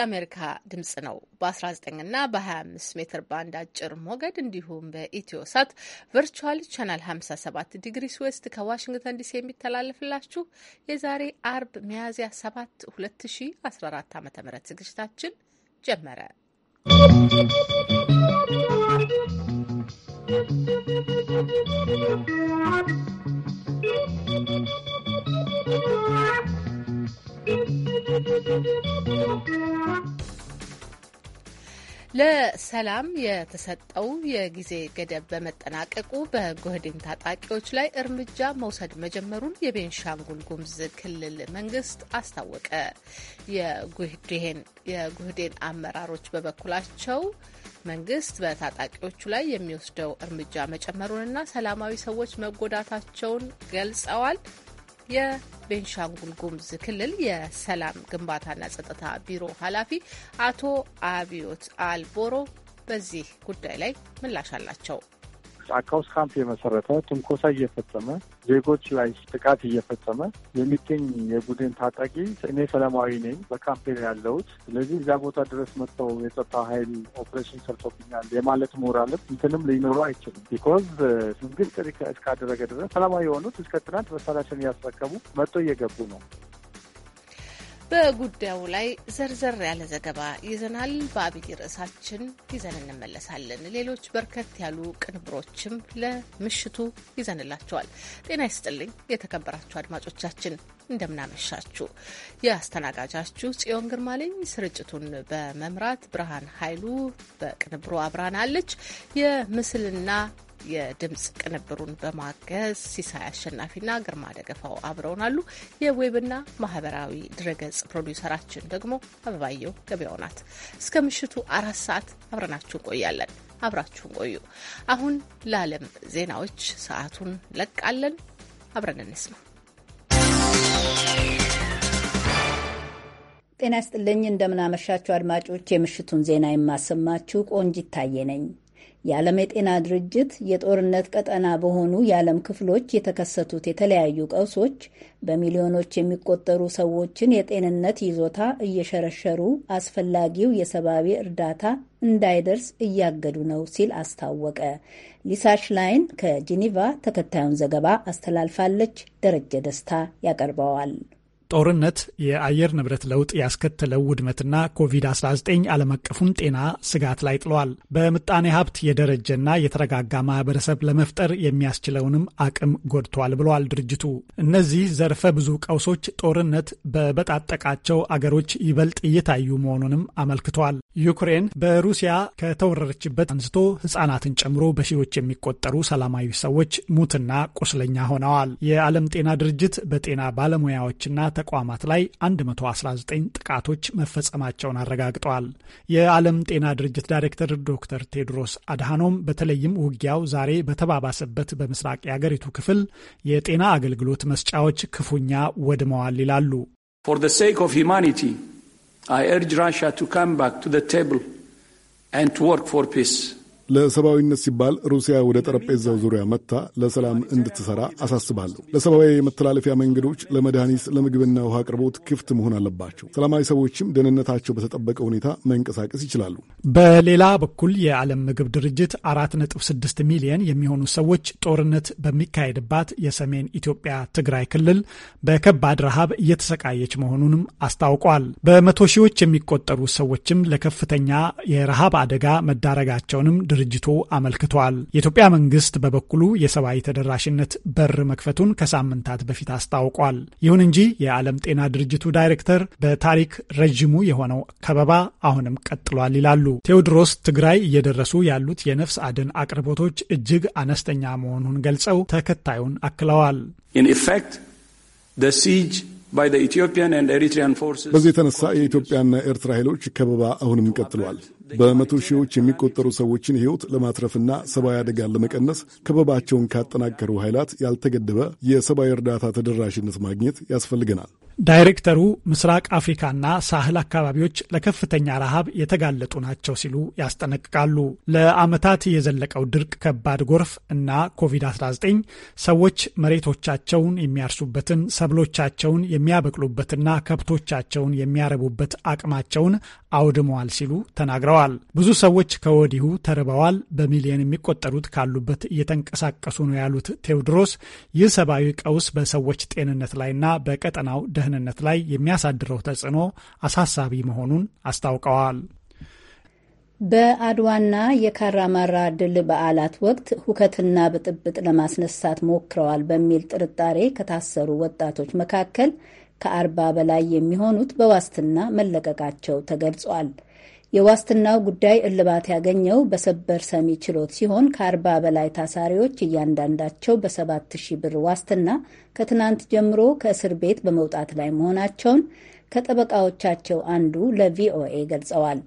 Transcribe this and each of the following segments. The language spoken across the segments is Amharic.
የአሜሪካ ድምጽ ነው። በ19 እና በ25 ሜትር ባንድ አጭር ሞገድ እንዲሁም በኢትዮ ሳት ቨርቹዋል ቻናል 57 ዲግሪስ ዌስት ከዋሽንግተን ዲሲ የሚተላለፍላችሁ የዛሬ አርብ ሚያዝያ 7 2014 ዓ ም ዝግጅታችን ጀመረ። ¶¶ ለሰላም የተሰጠው የጊዜ ገደብ በመጠናቀቁ በጎህዴን ታጣቂዎች ላይ እርምጃ መውሰድ መጀመሩን የቤንሻንጉል ጉምዝ ክልል መንግስት አስታወቀ። የጉህዴን አመራሮች በበኩላቸው መንግስት በታጣቂዎቹ ላይ የሚወስደው እርምጃ መጨመሩንና ሰላማዊ ሰዎች መጎዳታቸውን ገልጸዋል። የቤንሻንጉል ጉሙዝ ክልል የሰላም ግንባታና ጸጥታ ቢሮ ኃላፊ አቶ አብዮት አልቦሮ በዚህ ጉዳይ ላይ ምላሽ አላቸው። ጫካ ካምፕ የመሰረተ ትንኮሳ እየፈጸመ ዜጎች ላይ ጥቃት እየፈጸመ የሚገኝ የቡድን ታጣቂ እኔ ሰላማዊ ነኝ በካምፕ ያለሁት ስለዚህ እዚያ ቦታ ድረስ መጥተው የጸጥታ ኃይል ኦፕሬሽን ሰርቶብኛል የማለት ሞራልም እንትንም ሊኖረው አይችልም። ቢኮዝ ስንግል ጥሪ እስካደረገ ድረስ ሰላማዊ የሆኑት እስከ ትናንት መሳሪያቸውን እያስረከቡ መጥቶ እየገቡ ነው። በጉዳዩ ላይ ዘርዘር ያለ ዘገባ ይዘናል። በአብይ ርዕሳችን ይዘን እንመለሳለን። ሌሎች በርከት ያሉ ቅንብሮችም ለምሽቱ ይዘንላቸዋል። ጤና ይስጥልኝ የተከበራችሁ አድማጮቻችን እንደምናመሻችሁ። የአስተናጋጃችሁ ጽዮን ግርማልኝ፣ ስርጭቱን በመምራት ብርሃን ኃይሉ በቅንብሩ አብራናለች። የምስልና የድምፅ ቅንብሩን በማገዝ ሲሳይ አሸናፊና ግርማ ደገፋው አብረውናሉ። የዌብና ማህበራዊ ድረገጽ ፕሮዲውሰራችን ደግሞ አበባየው ገበያው ናት። እስከ ምሽቱ አራት ሰዓት አብረናችሁን ቆያለን። አብራችሁን ቆዩ። አሁን ለዓለም ዜናዎች ሰዓቱን ለቃለን። አብረን እንስማ። ጤና ይስጥልኝ እንደምናመሻችሁ አድማጮች፣ የምሽቱን ዜና የማሰማችሁ ቆንጅ ይታየ ነኝ። የዓለም የጤና ድርጅት የጦርነት ቀጠና በሆኑ የዓለም ክፍሎች የተከሰቱት የተለያዩ ቀውሶች በሚሊዮኖች የሚቆጠሩ ሰዎችን የጤንነት ይዞታ እየሸረሸሩ አስፈላጊው የሰብአዊ እርዳታ እንዳይደርስ እያገዱ ነው ሲል አስታወቀ። ሊሳ ሽላይን ከጂኒቫ ተከታዩን ዘገባ አስተላልፋለች። ደረጀ ደስታ ያቀርበዋል። ጦርነት፣ የአየር ንብረት ለውጥ ያስከተለው ውድመትና ኮቪድ-19 ዓለም አቀፉን ጤና ስጋት ላይ ጥለዋል። በምጣኔ ሀብት የደረጀና የተረጋጋ ማህበረሰብ ለመፍጠር የሚያስችለውንም አቅም ጎድቷል ብለዋል ድርጅቱ። እነዚህ ዘርፈ ብዙ ቀውሶች ጦርነት በበጣጠቃቸው አገሮች ይበልጥ እየታዩ መሆኑንም አመልክቷል። ዩክሬን በሩሲያ ከተወረረችበት አንስቶ ህጻናትን ጨምሮ በሺዎች የሚቆጠሩ ሰላማዊ ሰዎች ሙትና ቁስለኛ ሆነዋል። የዓለም ጤና ድርጅት በጤና ባለሙያዎችና ተቋማት ላይ 119 ጥቃቶች መፈጸማቸውን አረጋግጠዋል። የዓለም ጤና ድርጅት ዳይሬክተር ዶክተር ቴድሮስ አድሃኖም በተለይም ውጊያው ዛሬ በተባባሰበት በምስራቅ የአገሪቱ ክፍል የጤና አገልግሎት መስጫዎች ክፉኛ ወድመዋል ይላሉ። For the sake of humanity, I urge Russia to come back to the table and to work for peace. ለሰብአዊነት ሲባል ሩሲያ ወደ ጠረጴዛው ዙሪያ መጥታ ለሰላም እንድትሰራ አሳስባለሁ። ለሰብአዊ የመተላለፊያ መንገዶች ለመድኃኒት፣ ለምግብና ውሃ አቅርቦት ክፍት መሆን አለባቸው። ሰላማዊ ሰዎችም ደህንነታቸው በተጠበቀ ሁኔታ መንቀሳቀስ ይችላሉ። በሌላ በኩል የዓለም ምግብ ድርጅት 4.6 ሚሊየን የሚሆኑ ሰዎች ጦርነት በሚካሄድባት የሰሜን ኢትዮጵያ ትግራይ ክልል በከባድ ረሃብ እየተሰቃየች መሆኑንም አስታውቋል። በመቶ ሺዎች የሚቆጠሩ ሰዎችም ለከፍተኛ የረሃብ አደጋ መዳረጋቸውንም ድርጅቱ አመልክቷል። የኢትዮጵያ መንግስት በበኩሉ የሰብአዊ ተደራሽነት በር መክፈቱን ከሳምንታት በፊት አስታውቋል። ይሁን እንጂ የዓለም ጤና ድርጅቱ ዳይሬክተር በታሪክ ረዥሙ የሆነው ከበባ አሁንም ቀጥሏል ይላሉ። ቴዎድሮስ ትግራይ እየደረሱ ያሉት የነፍስ አድን አቅርቦቶች እጅግ አነስተኛ መሆኑን ገልጸው ተከታዩን አክለዋል። በዚህ የተነሳ የኢትዮጵያና ኤርትራ ኃይሎች ከበባ አሁንም ቀጥሏል። በመቶ ሺዎች የሚቆጠሩ ሰዎችን ሕይወት ለማትረፍና ሰብአዊ አደጋን ለመቀነስ ከበባቸውን ካጠናከሩ ኃይላት ያልተገደበ የሰብአዊ እርዳታ ተደራሽነት ማግኘት ያስፈልገናል። ዳይሬክተሩ ምስራቅ አፍሪካና ሳህል አካባቢዎች ለከፍተኛ ረሃብ የተጋለጡ ናቸው ሲሉ ያስጠነቅቃሉ። ለዓመታት የዘለቀው ድርቅ፣ ከባድ ጎርፍ እና ኮቪድ-19 ሰዎች መሬቶቻቸውን የሚያርሱበትን፣ ሰብሎቻቸውን የሚያበቅሉበትና ከብቶቻቸውን የሚያረቡበት አቅማቸውን አውድመዋል ሲሉ ተናግረዋል። ብዙ ሰዎች ከወዲሁ ተርበዋል፣ በሚሊዮን የሚቆጠሩት ካሉበት እየተንቀሳቀሱ ነው ያሉት ቴዎድሮስ ይህ ሰብአዊ ቀውስ በሰዎች ጤንነት ላይና በቀጠናው ደህ ደህንነት ላይ የሚያሳድረው ተጽዕኖ አሳሳቢ መሆኑን አስታውቀዋል። በአድዋና የካራማራ ድል በዓላት ወቅት ሁከትና ብጥብጥ ለማስነሳት ሞክረዋል በሚል ጥርጣሬ ከታሰሩ ወጣቶች መካከል ከአርባ በላይ የሚሆኑት በዋስትና መለቀቃቸው ተገልጿል። የዋስትናው ጉዳይ እልባት ያገኘው በሰበር ሰሚ ችሎት ሲሆን ከአርባ በላይ ታሳሪዎች እያንዳንዳቸው በሰባት ሺህ ብር ዋስትና ከትናንት ጀምሮ ከእስር ቤት በመውጣት ላይ መሆናቸውን ከጠበቃዎቻቸው አንዱ ለቪኦኤ ገልጸዋል።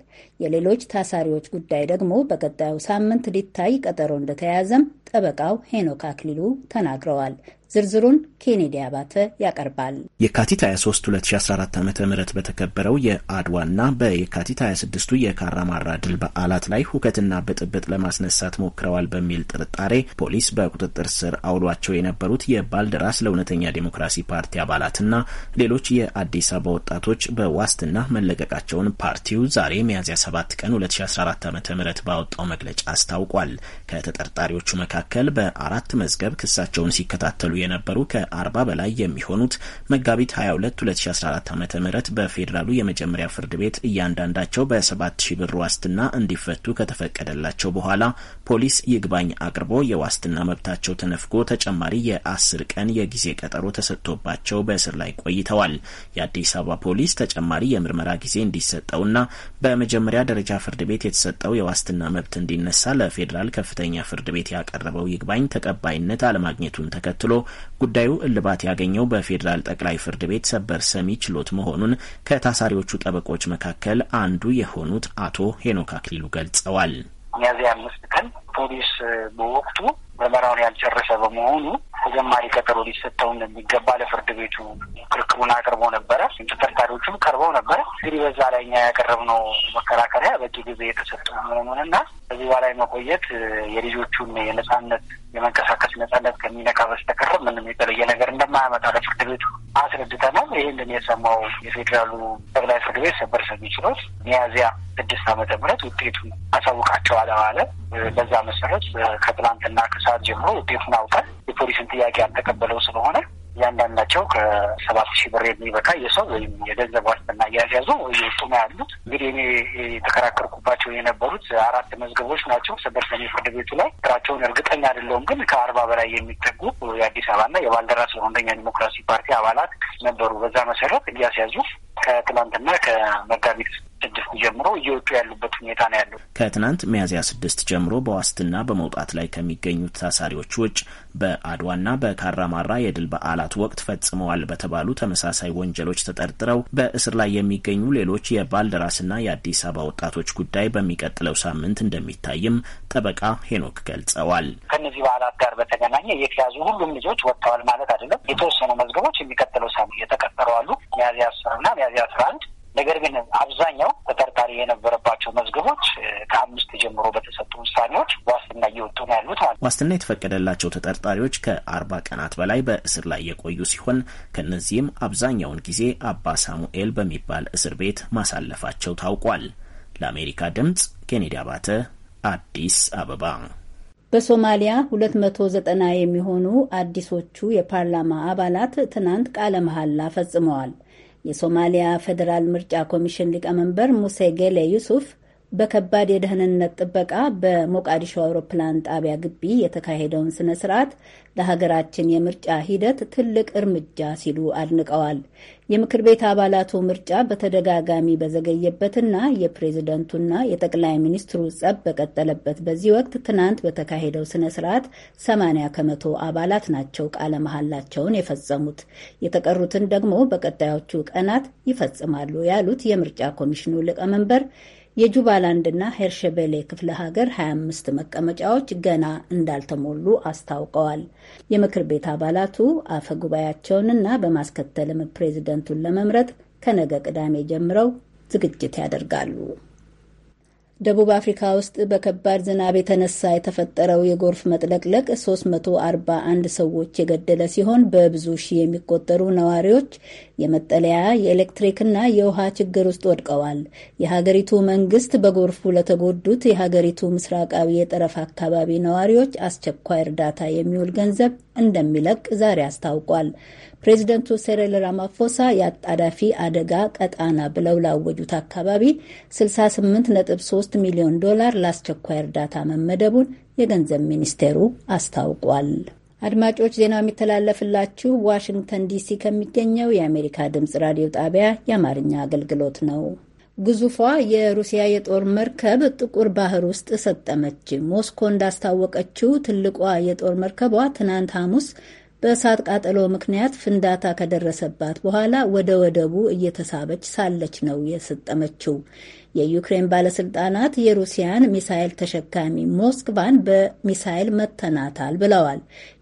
የሌሎች ታሳሪዎች ጉዳይ ደግሞ በቀጣዩ ሳምንት ሊታይ ቀጠሮ እንደተያዘም ጠበቃው ሄኖክ አክሊሉ ተናግረዋል። ዝርዝሩን ኬኔዲ አባተ ያቀርባል። የካቲት 23 2014 ዓ ም በተከበረው የአድዋና በየካቲት 26ቱ የካራማራ ድል በዓላት ላይ ሁከትና ብጥብጥ ለማስነሳት ሞክረዋል በሚል ጥርጣሬ ፖሊስ በቁጥጥር ስር አውሏቸው የነበሩት የባልደራስ ለእውነተኛ ዴሞክራሲ ፓርቲ አባላትና ሌሎች የአዲስ አበባ ወጣቶች በዋስትና መለቀቃቸውን ፓርቲው ዛሬ ሚያዝያ 7 ቀን 2014 ዓ ም ባወጣው መግለጫ አስታውቋል። ከተጠርጣሪዎቹ መካከል በአራት መዝገብ ክሳቸውን ሲከታተሉ የነበሩ ከ40 በላይ የሚሆኑት መጋቢት 22 2014 ዓ ም በፌዴራሉ የመጀመሪያ ፍርድ ቤት እያንዳንዳቸው በ7 ሺ ብር ዋስትና እንዲፈቱ ከተፈቀደላቸው በኋላ ፖሊስ ይግባኝ አቅርቦ የዋስትና መብታቸው ተነፍጎ ተጨማሪ የ10 ቀን የጊዜ ቀጠሮ ተሰጥቶባቸው በእስር ላይ ቆይተዋል። የአዲስ አበባ ፖሊስ ተጨማሪ የምርመራ ጊዜ እንዲሰጠውና በመጀመሪያ ደረጃ ፍርድ ቤት የተሰጠው የዋስትና መብት እንዲነሳ ለፌዴራል ከፍተኛ ፍርድ ቤት ያቀረበው ይግባኝ ተቀባይነት አለማግኘቱን ተከትሎ ጉዳዩ እልባት ያገኘው በፌዴራል ጠቅላይ ፍርድ ቤት ሰበር ሰሚ ችሎት መሆኑን ከታሳሪዎቹ ጠበቆች መካከል አንዱ የሆኑት አቶ ሄኖክ አክሊሉ ገልጸዋል። ሚያዝያ አምስት ቀን ፖሊስ በወቅቱ ምርመራውን ያልጨረሰ በመሆኑ ተጀማሪ ቀጠሮ ሊሰጠው እንደሚገባ ለፍርድ ቤቱ ክርክሩን አቅርቦ ነበር። ሌሎቹም ቀርበው ነበር። እንግዲህ በዛ ላይ እኛ ያቀረብነው መከራከሪያ በእጅ ጊዜ የተሰጠ መሆኑንና በዚህ በላይ መቆየት የልጆቹን የነጻነት የመንቀሳቀስ ነጻነት ከሚነካ በስተቀር ምንም የተለየ ነገር እንደማያመጣ ለፍርድ ቤቱ አስረድተናል። ይህንን የሰማው የፌዴራሉ ጠቅላይ ፍርድ ቤት ሰበር ሰሚ ችሎት ሚያዝያ ስድስት ዓመተ ምህረት ውጤቱን አሳውቃቸዋል አለ። በዛ መሰረት ከትላንትና ከሰዓት ጀምሮ ውጤቱን አውቀን የፖሊስን ጥያቄ ያልተቀበለው ስለሆነ እያንዳንዳቸው ከሰባት ሺህ ብር የሚበቃ የሰው ወይም የገንዘብ ዋስትና እያስያዙ እየወጡ ነው ያሉት። እንግዲህ እኔ የተከራከርኩባቸው የነበሩት አራት መዝገቦች ናቸው። ሰበር ሰሚ ፍርድ ቤቱ ላይ ስራቸውን እርግጠኛ አይደለሁም፣ ግን ከአርባ በላይ የሚጠጉ የአዲስ አበባና የባልደራስ አንደኛ ዲሞክራሲ ፓርቲ አባላት ነበሩ። በዛ መሰረት እያስያዙ ከትናንትና ከመጋቢት ስድስት ጀምሮ እየወጡ ያሉበት ሁኔታ ነው ያለው። ከትናንት ሚያዝያ ስድስት ጀምሮ በዋስትና በመውጣት ላይ ከሚገኙት ታሳሪዎች ውጭ በአድዋና በካራማራ የድል በዓላት ወቅት ፈጽመዋል በተባሉ ተመሳሳይ ወንጀሎች ተጠርጥረው በእስር ላይ የሚገኙ ሌሎች የባልደራስና የአዲስ አበባ ወጣቶች ጉዳይ በሚቀጥለው ሳምንት እንደሚታይም ጠበቃ ሄኖክ ገልጸዋል። ከእነዚህ በዓላት ጋር በተገናኘ የተያዙ ሁሉም ልጆች ወጥተዋል ማለት አይደለም። የተወሰኑ መዝገቦች የሚቀጥለው ሳምንት የተቀጠረዋሉ ሚያዝያ አስርና ሚያዝያ አስራ አንድ ነገር ግን አብዛኛው ተጠርጣሪ የነበረባቸው መዝገቦች ከአምስት ጀምሮ በተሰጡ ውሳኔዎች ዋስትና እየወጡ ነው ያሉት ማለት ዋስትና የተፈቀደላቸው ተጠርጣሪዎች ከአርባ ቀናት በላይ በእስር ላይ የቆዩ ሲሆን ከእነዚህም አብዛኛውን ጊዜ አባ ሳሙኤል በሚባል እስር ቤት ማሳለፋቸው ታውቋል። ለአሜሪካ ድምጽ ኬኔዲ አባተ አዲስ አበባ። በሶማሊያ 290 የሚሆኑ አዲሶቹ የፓርላማ አባላት ትናንት ቃለ መሐላ ፈጽመዋል። የሶማሊያ ፌዴራል ምርጫ ኮሚሽን ሊቀመንበር ሙሴ ጌሌ ዩሱፍ በከባድ የደህንነት ጥበቃ በሞቃዲሾ አውሮፕላን ጣቢያ ግቢ የተካሄደውን ስነ ስርዓት ለሀገራችን የምርጫ ሂደት ትልቅ እርምጃ ሲሉ አድንቀዋል። የምክር ቤት አባላቱ ምርጫ በተደጋጋሚ በዘገየበትና የፕሬዝደንቱና የጠቅላይ ሚኒስትሩ ጸብ በቀጠለበት በዚህ ወቅት ትናንት በተካሄደው ስነ ስርዓት 80 ከመቶ አባላት ናቸው ቃለ መሐላቸውን የፈጸሙት። የተቀሩትን ደግሞ በቀጣዮቹ ቀናት ይፈጽማሉ ያሉት የምርጫ ኮሚሽኑ ሊቀመንበር የጁባላንድና ሄርሸቤሌ ክፍለ ሀገር 25 መቀመጫዎች ገና እንዳልተሞሉ አስታውቀዋል። የምክር ቤት አባላቱ አፈ ጉባኤያቸውንና በማስከተልም ፕሬዚደንቱን ለመምረጥ ከነገ ቅዳሜ ጀምረው ዝግጅት ያደርጋሉ። ደቡብ አፍሪካ ውስጥ በከባድ ዝናብ የተነሳ የተፈጠረው የጎርፍ መጥለቅለቅ 341 ሰዎች የገደለ ሲሆን በብዙ ሺህ የሚቆጠሩ ነዋሪዎች የመጠለያ የኤሌክትሪክና የውሃ ችግር ውስጥ ወድቀዋል። የሀገሪቱ መንግስት በጎርፉ ለተጎዱት የሀገሪቱ ምስራቃዊ የጠረፍ አካባቢ ነዋሪዎች አስቸኳይ እርዳታ የሚውል ገንዘብ እንደሚለቅ ዛሬ አስታውቋል። ፕሬዚደንቱ ሴሬል ራማፎሳ የአጣዳፊ አደጋ ቀጣና ብለው ላወጁት አካባቢ 68.3 ሚሊዮን ዶላር ለአስቸኳይ እርዳታ መመደቡን የገንዘብ ሚኒስቴሩ አስታውቋል። አድማጮች ዜናው የሚተላለፍላችሁ ዋሽንግተን ዲሲ ከሚገኘው የአሜሪካ ድምፅ ራዲዮ ጣቢያ የአማርኛ አገልግሎት ነው። ግዙፏ የሩሲያ የጦር መርከብ ጥቁር ባህር ውስጥ ሰጠመች። ሞስኮ እንዳስታወቀችው ትልቋ የጦር መርከቧ ትናንት ሐሙስ በእሳት ቃጠሎ ምክንያት ፍንዳታ ከደረሰባት በኋላ ወደ ወደቡ እየተሳበች ሳለች ነው የሰጠመችው። የዩክሬን ባለስልጣናት የሩሲያን ሚሳይል ተሸካሚ ሞስክቫን በሚሳይል መተናታል ብለዋል።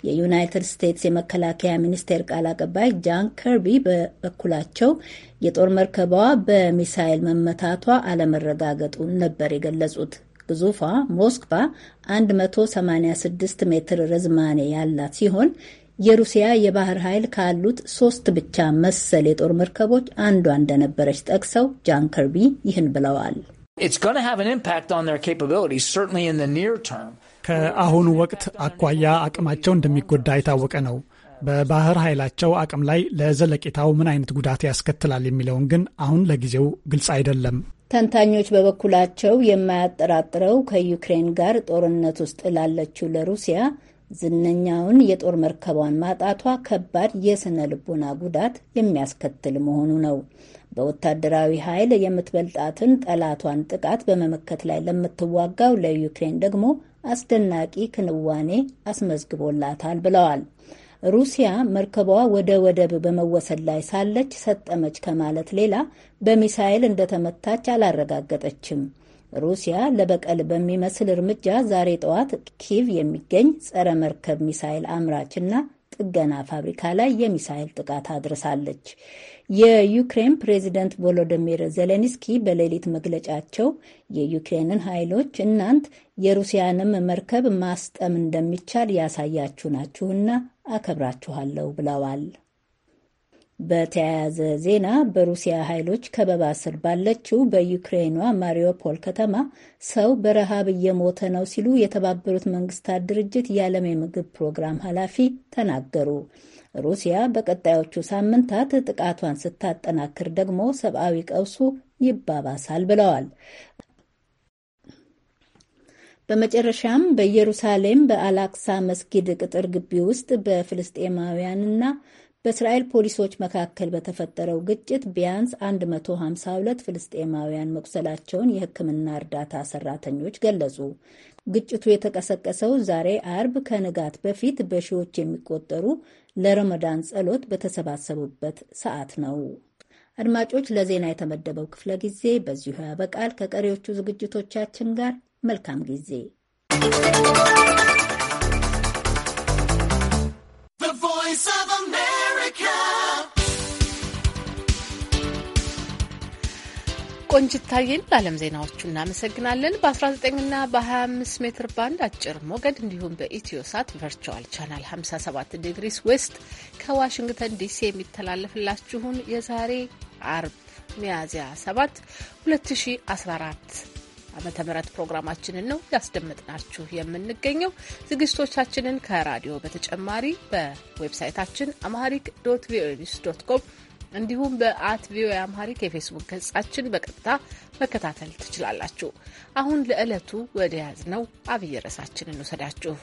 የዩናይትድ ስቴትስ የመከላከያ ሚኒስቴር ቃል አቀባይ ጃን ከርቢ በበኩላቸው የጦር መርከቧ በሚሳይል መመታቷ አለመረጋገጡን ነበር የገለጹት። ግዙፏ ሞስክቫ 186 ሜትር ርዝማኔ ያላት ሲሆን የሩሲያ የባህር ኃይል ካሉት ሶስት ብቻ መሰል የጦር መርከቦች አንዷ እንደነበረች ጠቅሰው ጃን ከርቢ ይህን ብለዋል። ከአሁኑ ወቅት አኳያ አቅማቸው እንደሚጎዳ የታወቀ ነው። በባህር ኃይላቸው አቅም ላይ ለዘለቄታው ምን አይነት ጉዳት ያስከትላል የሚለውን ግን አሁን ለጊዜው ግልጽ አይደለም። ተንታኞች በበኩላቸው የማያጠራጥረው ከዩክሬን ጋር ጦርነት ውስጥ ላለችው ለሩሲያ ዝነኛውን የጦር መርከቧን ማጣቷ ከባድ የስነ ልቦና ጉዳት የሚያስከትል መሆኑ ነው። በወታደራዊ ኃይል የምትበልጣትን ጠላቷን ጥቃት በመመከት ላይ ለምትዋጋው ለዩክሬን ደግሞ አስደናቂ ክንዋኔ አስመዝግቦላታል ብለዋል። ሩሲያ መርከቧ ወደ ወደብ በመወሰድ ላይ ሳለች ሰጠመች ከማለት ሌላ በሚሳይል እንደተመታች አላረጋገጠችም። ሩሲያ ለበቀል በሚመስል እርምጃ ዛሬ ጠዋት ኪቭ የሚገኝ ጸረ መርከብ ሚሳይል አምራች ና ጥገና ፋብሪካ ላይ የሚሳይል ጥቃት አድርሳለች። የዩክሬን ፕሬዚደንት ቮሎዲሚር ዜሌንስኪ በሌሊት መግለጫቸው የዩክሬንን ኃይሎች እናንት የሩሲያንም መርከብ ማስጠም እንደሚቻል ያሳያችሁ ናችሁና አከብራችኋለሁ ብለዋል። በተያያዘ ዜና በሩሲያ ኃይሎች ከበባ ስር ባለችው በዩክሬኗ ማሪዮፖል ከተማ ሰው በረሃብ እየሞተ ነው ሲሉ የተባበሩት መንግስታት ድርጅት የዓለም የምግብ ፕሮግራም ኃላፊ ተናገሩ። ሩሲያ በቀጣዮቹ ሳምንታት ጥቃቷን ስታጠናክር ደግሞ ሰብአዊ ቀውሱ ይባባሳል ብለዋል። በመጨረሻም በኢየሩሳሌም በአላክሳ መስጊድ ቅጥር ግቢ ውስጥ በፍልስጤማውያንና በእስራኤል ፖሊሶች መካከል በተፈጠረው ግጭት ቢያንስ 152 ፍልስጤማውያን መቁሰላቸውን የሕክምና እርዳታ ሰራተኞች ገለጹ። ግጭቱ የተቀሰቀሰው ዛሬ አርብ ከንጋት በፊት በሺዎች የሚቆጠሩ ለረመዳን ጸሎት በተሰባሰቡበት ሰዓት ነው። አድማጮች፣ ለዜና የተመደበው ክፍለ ጊዜ በዚሁ ያበቃል። ከቀሪዎቹ ዝግጅቶቻችን ጋር መልካም ጊዜ ቆንጅታዬን ለዓለም ዜናዎቹ እናመሰግናለን። በ19ና በ25 ሜትር ባንድ አጭር ሞገድ እንዲሁም በኢትዮ ሳት ቨርቹዋል ቻናል 57 ዲግሪስ ዌስት ከዋሽንግተን ዲሲ የሚተላለፍላችሁን የዛሬ አርብ ሚያዝያ 7 2014 ዓመተ ምህረት ፕሮግራማችንን ነው ያስደመጥናችሁ የምንገኘው። ዝግጅቶቻችንን ከራዲዮ በተጨማሪ በዌብሳይታችን አማሪክ ዶት ቪኦኤ ኒውስ ዶት ኮም እንዲሁም በአት ቪኦኤ አምሃሪክ የፌስቡክ ገጻችን በቀጥታ መከታተል ትችላላችሁ። አሁን ለዕለቱ ወደ ያዝነው አብይ ርዕሳችን እንውሰዳችሁ።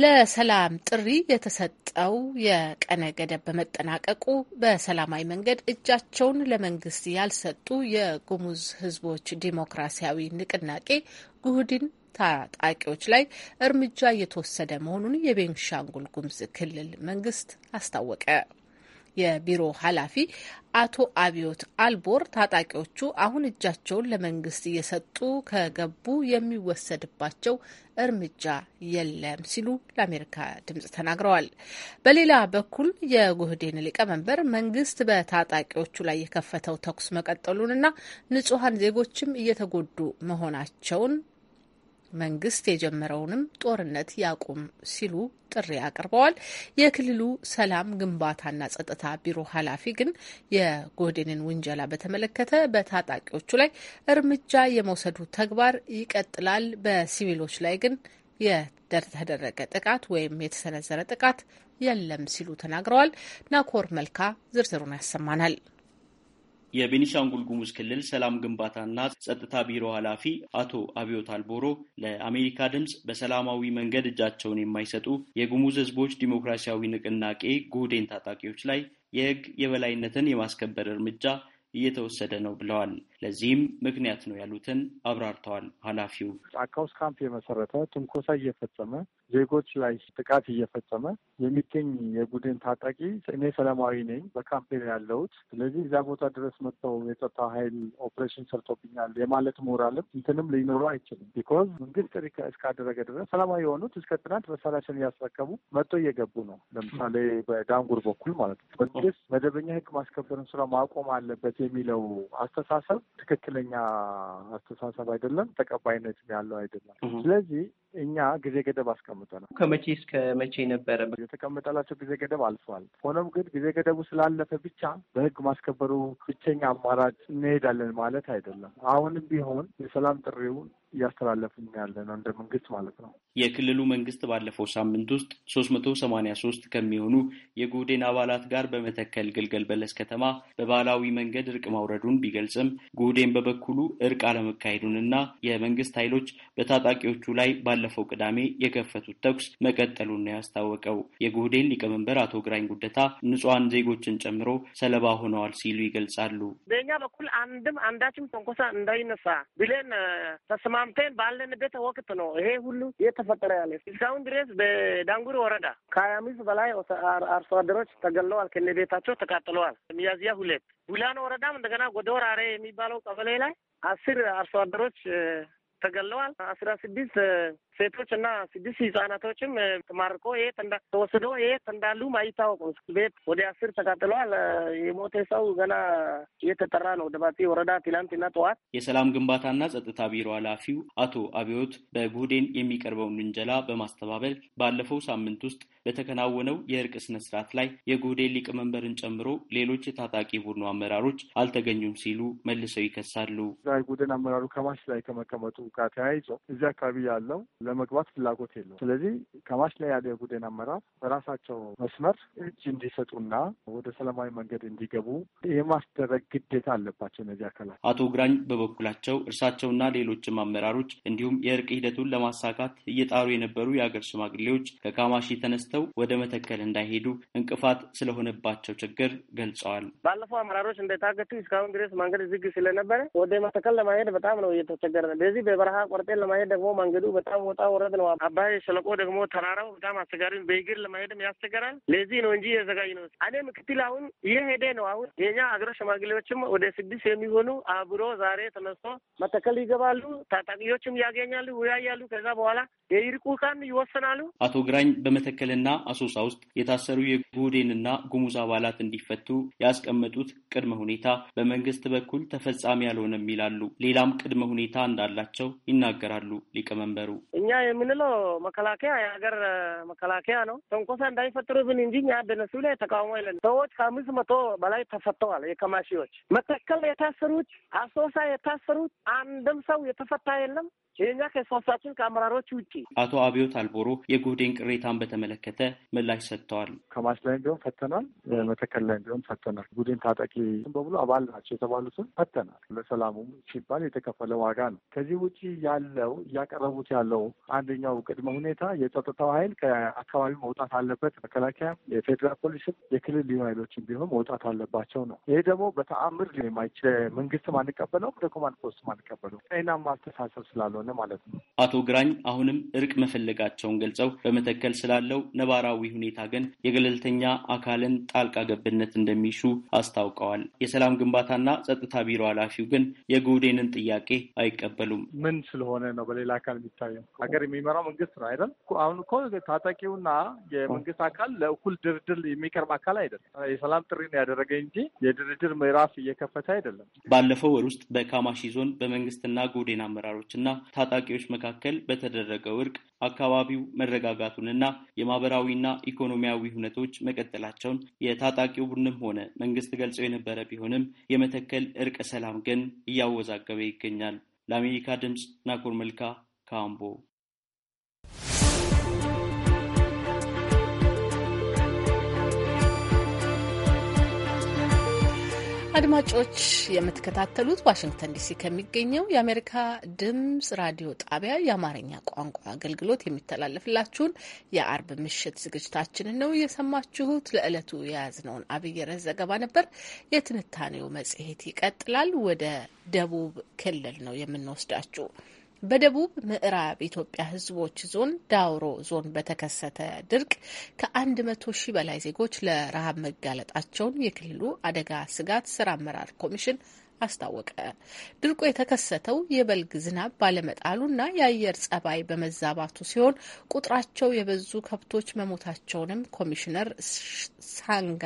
ለሰላም ጥሪ የተሰጠው የቀነ ገደብ በመጠናቀቁ በሰላማዊ መንገድ እጃቸውን ለመንግስት ያልሰጡ የጉሙዝ ህዝቦች ዲሞክራሲያዊ ንቅናቄ ጉህድን ታጣቂዎች ላይ እርምጃ እየተወሰደ መሆኑን የቤንሻንጉል ጉምዝ ክልል መንግስት አስታወቀ። የቢሮ ኃላፊ አቶ አብዮት አልቦር ታጣቂዎቹ አሁን እጃቸውን ለመንግስት እየሰጡ ከገቡ የሚወሰድባቸው እርምጃ የለም ሲሉ ለአሜሪካ ድምጽ ተናግረዋል። በሌላ በኩል የጉህዴን ሊቀመንበር መንግስት በታጣቂዎቹ ላይ የከፈተው ተኩስ መቀጠሉንና ንጹሐን ዜጎችም እየተጎዱ መሆናቸውን መንግስት የጀመረውንም ጦርነት ያቁም ሲሉ ጥሪ አቅርበዋል። የክልሉ ሰላም ግንባታና ጸጥታ ቢሮ ኃላፊ ግን የጎዴንን ውንጀላ በተመለከተ በታጣቂዎቹ ላይ እርምጃ የመውሰዱ ተግባር ይቀጥላል፣ በሲቪሎች ላይ ግን የተደረገ ጥቃት ወይም የተሰነዘረ ጥቃት የለም ሲሉ ተናግረዋል። ናኮር መልካ ዝርዝሩን ያሰማናል። የቤኒሻንጉል ጉሙዝ ክልል ሰላም ግንባታና ጸጥታ ቢሮ ኃላፊ አቶ አብዮት አልቦሮ ለአሜሪካ ድምፅ በሰላማዊ መንገድ እጃቸውን የማይሰጡ የጉሙዝ ሕዝቦች ዲሞክራሲያዊ ንቅናቄ ጉህዴን ታጣቂዎች ላይ የህግ የበላይነትን የማስከበር እርምጃ እየተወሰደ ነው ብለዋል። ለዚህም ምክንያት ነው ያሉትን አብራርተዋል። ኃላፊው ጫካ ውስጥ ካምፕ የመሰረተ ትንኮሳ እየፈጸመ ዜጎች ላይ ጥቃት እየፈጸመ የሚገኝ የቡድን ታጣቂ እኔ ሰላማዊ ነኝ በካምፔን ያለሁት ስለዚህ እዛ ቦታ ድረስ መጥተው የጸጥታ ኃይል ኦፕሬሽን ሰርቶብኛል የማለት ሞራልም እንትንም ሊኖረው አይችልም። ቢኮዝ መንግስት እስካደረገ ድረስ ሰላማዊ የሆኑት እስከ ትናንት መሳሪያችን እያስረከቡ መጥቶ እየገቡ ነው። ለምሳሌ በዳንጉር በኩል ማለት ነው። መንግስት መደበኛ ህግ ማስከበርን ስራ ማቆም አለበት የሚለው አስተሳሰብ ትክክለኛ አስተሳሰብ አይደለም፣ ተቀባይነት ያለው አይደለም። ስለዚህ እኛ ጊዜ ገደብ አስቀምጠናል። ከመቼ እስከ መቼ ነበረ የተቀመጠላቸው ጊዜ ገደብ አልፏል። ሆኖም ግን ጊዜ ገደቡ ስላለፈ ብቻ በህግ ማስከበሩ ብቸኛ አማራጭ እንሄዳለን ማለት አይደለም። አሁንም ቢሆን የሰላም ጥሪውን እያስተላለፍን ያለ ነው እንደ መንግስት ማለት ነው። የክልሉ መንግስት ባለፈው ሳምንት ውስጥ ሶስት መቶ ሰማኒያ ሶስት ከሚሆኑ የጎዴን አባላት ጋር በመተከል ግልገል በለስ ከተማ በባህላዊ መንገድ እርቅ ማውረዱን ቢገልጽም ጎዴን በበኩሉ እርቅ አለመካሄዱንና የመንግስት ኃይሎች በታጣቂዎቹ ላይ ባለ ባለፈው ቅዳሜ የከፈቱት ተኩስ መቀጠሉን ነው ያስታወቀው። የጉህዴን ሊቀመንበር አቶ ግራኝ ጉደታ ንጹሐን ዜጎችን ጨምሮ ሰለባ ሆነዋል ሲሉ ይገልጻሉ። በእኛ በኩል አንድም አንዳችም ተንኮሳ እንዳይነሳ ብለን ተስማምተን ባለንበት ወቅት ነው ይሄ ሁሉ የተፈጠረ ያለ። እስካሁን ድረስ በዳንጉር ወረዳ ከሀያ አምስት በላይ አርሶ አደሮች ተገለዋል፣ ከነቤታቸው ተቃጥለዋል። ሚያዝያ ሁለት ቡላን ወረዳም እንደገና ጎደወራሬ የሚባለው ቀበሌ ላይ አስር አርሶ አደሮች ተገለዋል። አስራ ስድስት ሴቶች እና ስድስት ህጻናቶችም ተማርኮ የት ተወስዶ የት እንዳሉም አይታወቁም። ቤት ወደ አስር ተቃጥለዋል። የሞተ ሰው ገና እየተጠራ ነው። ደባቲ ወረዳ ትናንትና ጠዋት የሰላም ግንባታና ጸጥታ ቢሮ ኃላፊው አቶ አብዮት በጉዴን የሚቀርበውን ውንጀላ በማስተባበል ባለፈው ሳምንት ውስጥ በተከናወነው የእርቅ ስነስርዓት ላይ የጉዴን ሊቀመንበርን ጨምሮ ሌሎች የታጣቂ ቡድኑ አመራሮች አልተገኙም ሲሉ መልሰው ይከሳሉ። ጉዴን አመራሩ ከማሽ ላይ ከመቀመጡ ጋር ተያይዞ እዚህ አካባቢ ያለው ለመግባት ፍላጎት የለው። ስለዚህ ከማሽ ላይ ያለ አመራር በራሳቸው መስመር እጅ እንዲሰጡና ወደ ሰላማዊ መንገድ እንዲገቡ የማስደረግ ግዴታ አለባቸው እነዚህ አካላት። አቶ ግራኝ በበኩላቸው እርሳቸውና ሌሎችም አመራሮች እንዲሁም የእርቅ ሂደቱን ለማሳካት እየጣሩ የነበሩ የአገር ሽማግሌዎች ከካማሺ ተነስተው ወደ መተከል እንዳይሄዱ እንቅፋት ስለሆነባቸው ችግር ገልጸዋል። ባለፈው አመራሮች እንደታገቱ እስካሁን ድረስ መንገድ ዝግ ስለነበረ ወደ መተከል ለማሄድ በጣም ነው እየተቸገረ። በዚህ በበረሃ ቆርጤን ለማሄድ ደግሞ መንገዱ በጣም ወጣ ወጣ ወረድ ነው። አባይ ሸለቆ ደግሞ ተራራው በጣም አስቸጋሪ፣ በእግር ለማሄድም ያስቸገራል። ለዚህ ነው እንጂ የዘጋጅ ነው። እኔ ምክትል አሁን እየሄደ ነው። አሁን የኛ አገሮ ሽማግሌዎችም ወደ ስድስት የሚሆኑ አብሮ ዛሬ ተነስቶ መተከል ይገባሉ። ታጣቂዎችም ያገኛሉ፣ ውያያሉ። ከዛ በኋላ የይርቁ ቀን ይወሰናሉ። አቶ ግራኝ በመተከልና አሶሳ ውስጥ የታሰሩ የጉዴንና ጉሙዝ አባላት እንዲፈቱ ያስቀመጡት ቅድመ ሁኔታ በመንግስት በኩል ተፈጻሚ አልሆነም ይላሉ። ሌላም ቅድመ ሁኔታ እንዳላቸው ይናገራሉ ሊቀመንበሩ እኛ የምንለው መከላከያ የሀገር መከላከያ ነው። ተንኮሳ እንዳይፈጥሩብን እንጂ እኛ በነሱ ላይ ተቃውሞ የለን። ሰዎች ከአምስት መቶ በላይ ተፈተዋል። የከማሺዎች መተከል የታሰሩት አሶሳ የታሰሩት አንድም ሰው የተፈታ የለም። ይህኛ ከሶስታችን ከአመራሮች ውጭ አቶ አብዮት አልቦሮ የጉህዴን ቅሬታን በተመለከተ ምላሽ ሰጥተዋል። ከማሽ ላይ እንዲሁም ፈተናል፣ መተከል ላይ እንዲሁም ፈተናል። ጉህዴን ታጠቂ በብሎ አባል ናቸው የተባሉትን ፈተናል። ለሰላሙ ሲባል የተከፈለ ዋጋ ነው። ከዚህ ውጭ ያለው እያቀረቡት ያለው አንደኛው ቅድመ ሁኔታ የጸጥታው ኃይል ከአካባቢ መውጣት አለበት። መከላከያ፣ የፌዴራል ፖሊስም የክልል ልዩ ኃይሎችም ቢሆን መውጣት አለባቸው ነው። ይሄ ደግሞ በተአምር ሊሆን የማይችል መንግስትም አንቀበለውም፣ ደኮማንድ ፖስትም አንቀበለውም። ጤናማ አስተሳሰብ ስላልሆነ ስለሆነ ማለት ነው። አቶ ግራኝ አሁንም እርቅ መፈለጋቸውን ገልጸው በመተከል ስላለው ነባራዊ ሁኔታ ግን የገለልተኛ አካልን ጣልቃ ገብነት እንደሚሹ አስታውቀዋል። የሰላም ግንባታና ጸጥታ ቢሮ ኃላፊው ግን የጉዴንን ጥያቄ አይቀበሉም። ምን ስለሆነ ነው በሌላ አካል የሚታየው? ሀገር የሚመራው መንግስት ነው አይደል? አሁን እኮ ታጣቂውና የመንግስት አካል ለእኩል ድርድር የሚቀርብ አካል አይደል? የሰላም ጥሪ ነው ያደረገ እንጂ የድርድር ምዕራፍ እየከፈተ አይደለም። ባለፈው ወር ውስጥ በካማሺ ዞን በመንግስትና ጉዴን አመራሮች ታጣቂዎች መካከል በተደረገው እርቅ አካባቢው መረጋጋቱንና የማህበራዊና ኢኮኖሚያዊ ሁነቶች መቀጠላቸውን የታጣቂው ቡድንም ሆነ መንግስት ገልጸው የነበረ ቢሆንም የመተከል እርቀ ሰላም ግን እያወዛገበ ይገኛል። ለአሜሪካ ድምፅ ናኮር መልካ ካምቦ አድማጮች የምትከታተሉት ዋሽንግተን ዲሲ ከሚገኘው የአሜሪካ ድምፅ ራዲዮ ጣቢያ የአማርኛ ቋንቋ አገልግሎት የሚተላለፍላችሁን የአርብ ምሽት ዝግጅታችንን ነው እየሰማችሁት ለዕለቱ የያዝነውን አብይ ርዕስ ዘገባ ነበር። የትንታኔው መጽሔት ይቀጥላል። ወደ ደቡብ ክልል ነው የምንወስዳችሁ። በደቡብ ምዕራብ ኢትዮጵያ ህዝቦች ዞን ዳውሮ ዞን በተከሰተ ድርቅ ከ መቶ ሺህ በላይ ዜጎች ለረሃብ መጋለጣቸውን የክልሉ አደጋ ስጋት ስራ አመራር ኮሚሽን አስታወቀ። ድርቁ የተከሰተው የበልግ ዝናብ ባለመጣሉና የአየር ጸባይ በመዛባቱ ሲሆን ቁጥራቸው የበዙ ከብቶች መሞታቸውንም ኮሚሽነር ሳንጋ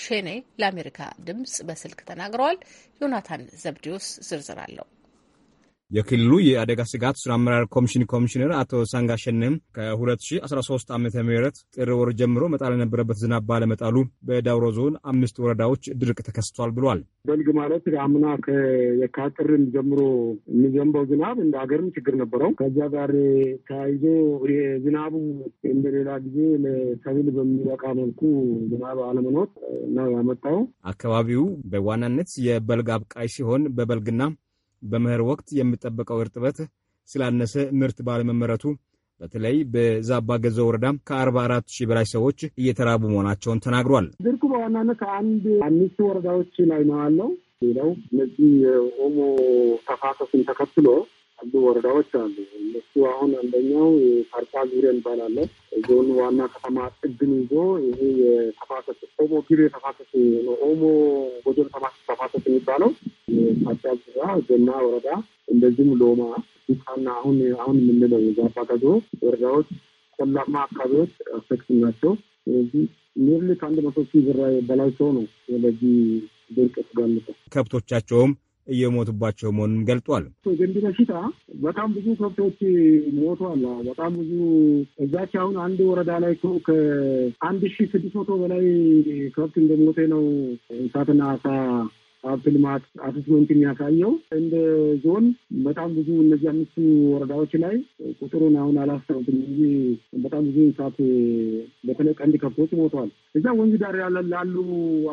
ሼኔ ለአሜሪካ ድምጽ በስልክ ተናግረዋል። ዮናታን ዘብዲዮስ ዝርዝር አለው። የክልሉ የአደጋ ስጋት ስራ አመራር ኮሚሽን ኮሚሽነር አቶ ሳንጋሸንም ከ2013 ዓ ም ጥር ወር ጀምሮ መጣል የነበረበት ዝናብ ባለመጣሉ በዳውሮ ዞን አምስት ወረዳዎች ድርቅ ተከስቷል ብሏል። በልግ ማለት አምና ከየካቲት ጀምሮ የሚዘንበው ዝናብ እንደ ሀገርም ችግር ነበረው። ከዚያ ጋር ተያይዞ ዝናቡ እንደሌላ ጊዜ ለሰብል በሚበቃ መልኩ ዝናብ አለመኖር ነው ያመጣው። አካባቢው በዋናነት የበልግ አብቃይ ሲሆን በበልግና በመኸር ወቅት የሚጠበቀው እርጥበት ስላነሰ ምርት ባለመመረቱ በተለይ በዛባ ገዘ ወረዳ ከ44 ሺህ በላይ ሰዎች እየተራቡ መሆናቸውን ተናግሯል። ድርቁ በዋናነት ከአንድ አምስት ወረዳዎች ላይ ነው ያለው። ሌላው እነዚህ የኦሞ ተፋሰሱን ተከትሎ አሉ ወረዳዎች አሉ። እነሱ አሁን አንደኛው የፓርኳ ዙሪያ ይባላል። ዞኑ ዋና ከተማ ጥግን ይዞ ይሄ የተፋሰስ ኦሞ ጊሬ ተፋሰስ ኦሞ ጎጆል ተፋሰስ የሚባለው የፓርኳ ዙሪያ ገና ወረዳ እንደዚሁም ሎማ ቢጫና አሁን አሁን የምንለው ዛባ ገዶ ወረዳዎች ቆላማ አካባቢዎች አፌክት ናቸው። ስለዚህ ኒርሊ ከአንድ መቶ ሺህ ብር በላይ ሰው ነው ወደዚህ ድርቅ ተጋለጠ። ከብቶቻቸውም እየሞቱባቸው መሆኑን ገልጧል። ገንድ በሽታ በጣም ብዙ ከብቶች ሞቷል። በጣም ብዙ እዛች አሁን አንድ ወረዳ ላይ እኮ ከአንድ ሺህ ስድስት መቶ በላይ ከብት እንደሞቴ ነው እሳትና አሳ ሀብት ልማት አሰስመንት የሚያሳየው እንደ ዞን በጣም ብዙ እነዚህ አምስቱ ወረዳዎች ላይ ቁጥሩን አሁን አላስታውትም እንጂ በጣም ብዙ እንስሳት በተለይ ቀንድ ከብቶች ሞተዋል። እዛ ወንዝ ዳር ላሉ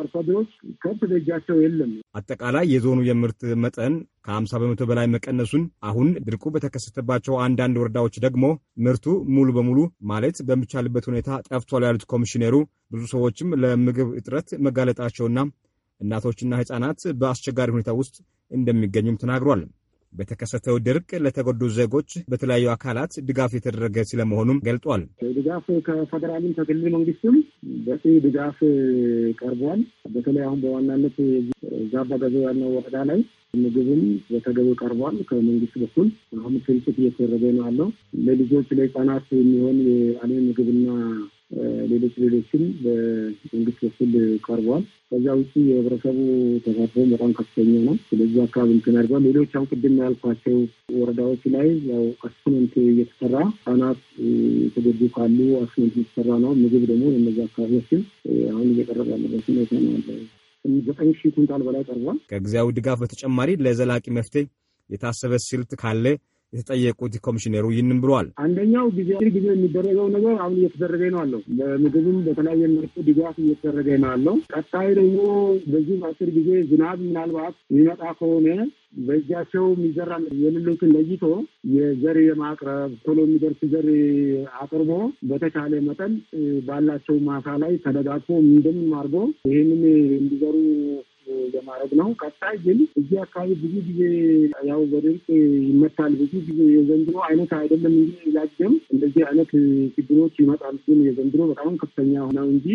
አርሶ አደሮች ከብት በእጃቸው የለም። አጠቃላይ የዞኑ የምርት መጠን ከአምሳ በመቶ በላይ መቀነሱን አሁን ድርቁ በተከሰተባቸው አንዳንድ ወረዳዎች ደግሞ ምርቱ ሙሉ በሙሉ ማለት በሚቻልበት ሁኔታ ጠፍቷል ያሉት ኮሚሽነሩ ብዙ ሰዎችም ለምግብ እጥረት መጋለጣቸውና እናቶችና ህፃናት በአስቸጋሪ ሁኔታ ውስጥ እንደሚገኙም ተናግሯል። በተከሰተው ድርቅ ለተጎዱ ዜጎች በተለያዩ አካላት ድጋፍ የተደረገ ስለመሆኑም ገልጧል። ድጋፍ ከፌደራልም ከክልል መንግስትም በቂ ድጋፍ ቀርቧል። በተለይ አሁን በዋናነት ዛባ ገዞ ያለው ወረዳ ላይ ምግብም በተገቢ ቀርቧል። ከመንግስት በኩል አሁን ስርጭት እየተደረገ ነው ያለው ለልጆች ለህፃናት የሚሆን የአለ ምግብና ሌሎች ሌሎችም በመንግስት በኩል ቀርቧል። ከዚያ ውጭ የህብረተሰቡ ተሳትፎ በጣም ከፍተኛ ነው። ስለዚህ አካባቢ እንትን አድርጓል። ሌሎች አሁን ቅድም ያልኳቸው ወረዳዎች ላይ ያው አስመንት እየተሰራ ህጻናት የተጎዱ ካሉ አስመንት እየተሰራ ነው። ምግብ ደግሞ እነዚህ አካባቢዎችን አሁን እየቀረበ ያለበት ሁኔታ ነው ያለ። ዘጠኝ ሺህ ኩንታል በላይ ቀርቧል። ከጊዜያዊ ድጋፍ በተጨማሪ ለዘላቂ መፍትሄ የታሰበ ስልት ካለ የተጠየቁት ኮሚሽነሩ ይህንን ብለዋል። አንደኛው ጊዜ ጊዜ የሚደረገው ነገር አሁን እየተደረገ ነው አለው። ለምግብም በተለያየ መልኩ ድጋፍ እየተደረገ ነው አለው። ቀጣይ ደግሞ በዚህ በአስር ጊዜ ዝናብ ምናልባት የሚመጣ ከሆነ በእጃቸው የሚዘራ የሌሎችን ለይቶ የዘር የማቅረብ ቶሎ የሚደርስ ዘር አቅርቦ በተቻለ መጠን ባላቸው ማሳ ላይ ተደጋግፎ ምንድም አድርጎ ይህንን እንዲዘሩ ለማድረግ ነው። ቀጣይ ግን እዚህ አካባቢ ብዙ ጊዜ ያው በድርቅ ይመታል። ብዙ ጊዜ የዘንድሮ አይነት አይደለም እንጂ ላጀም እንደዚህ አይነት ችግሮች ይመጣል። ግን የዘንድሮ በጣም ከፍተኛ ነው እንጂ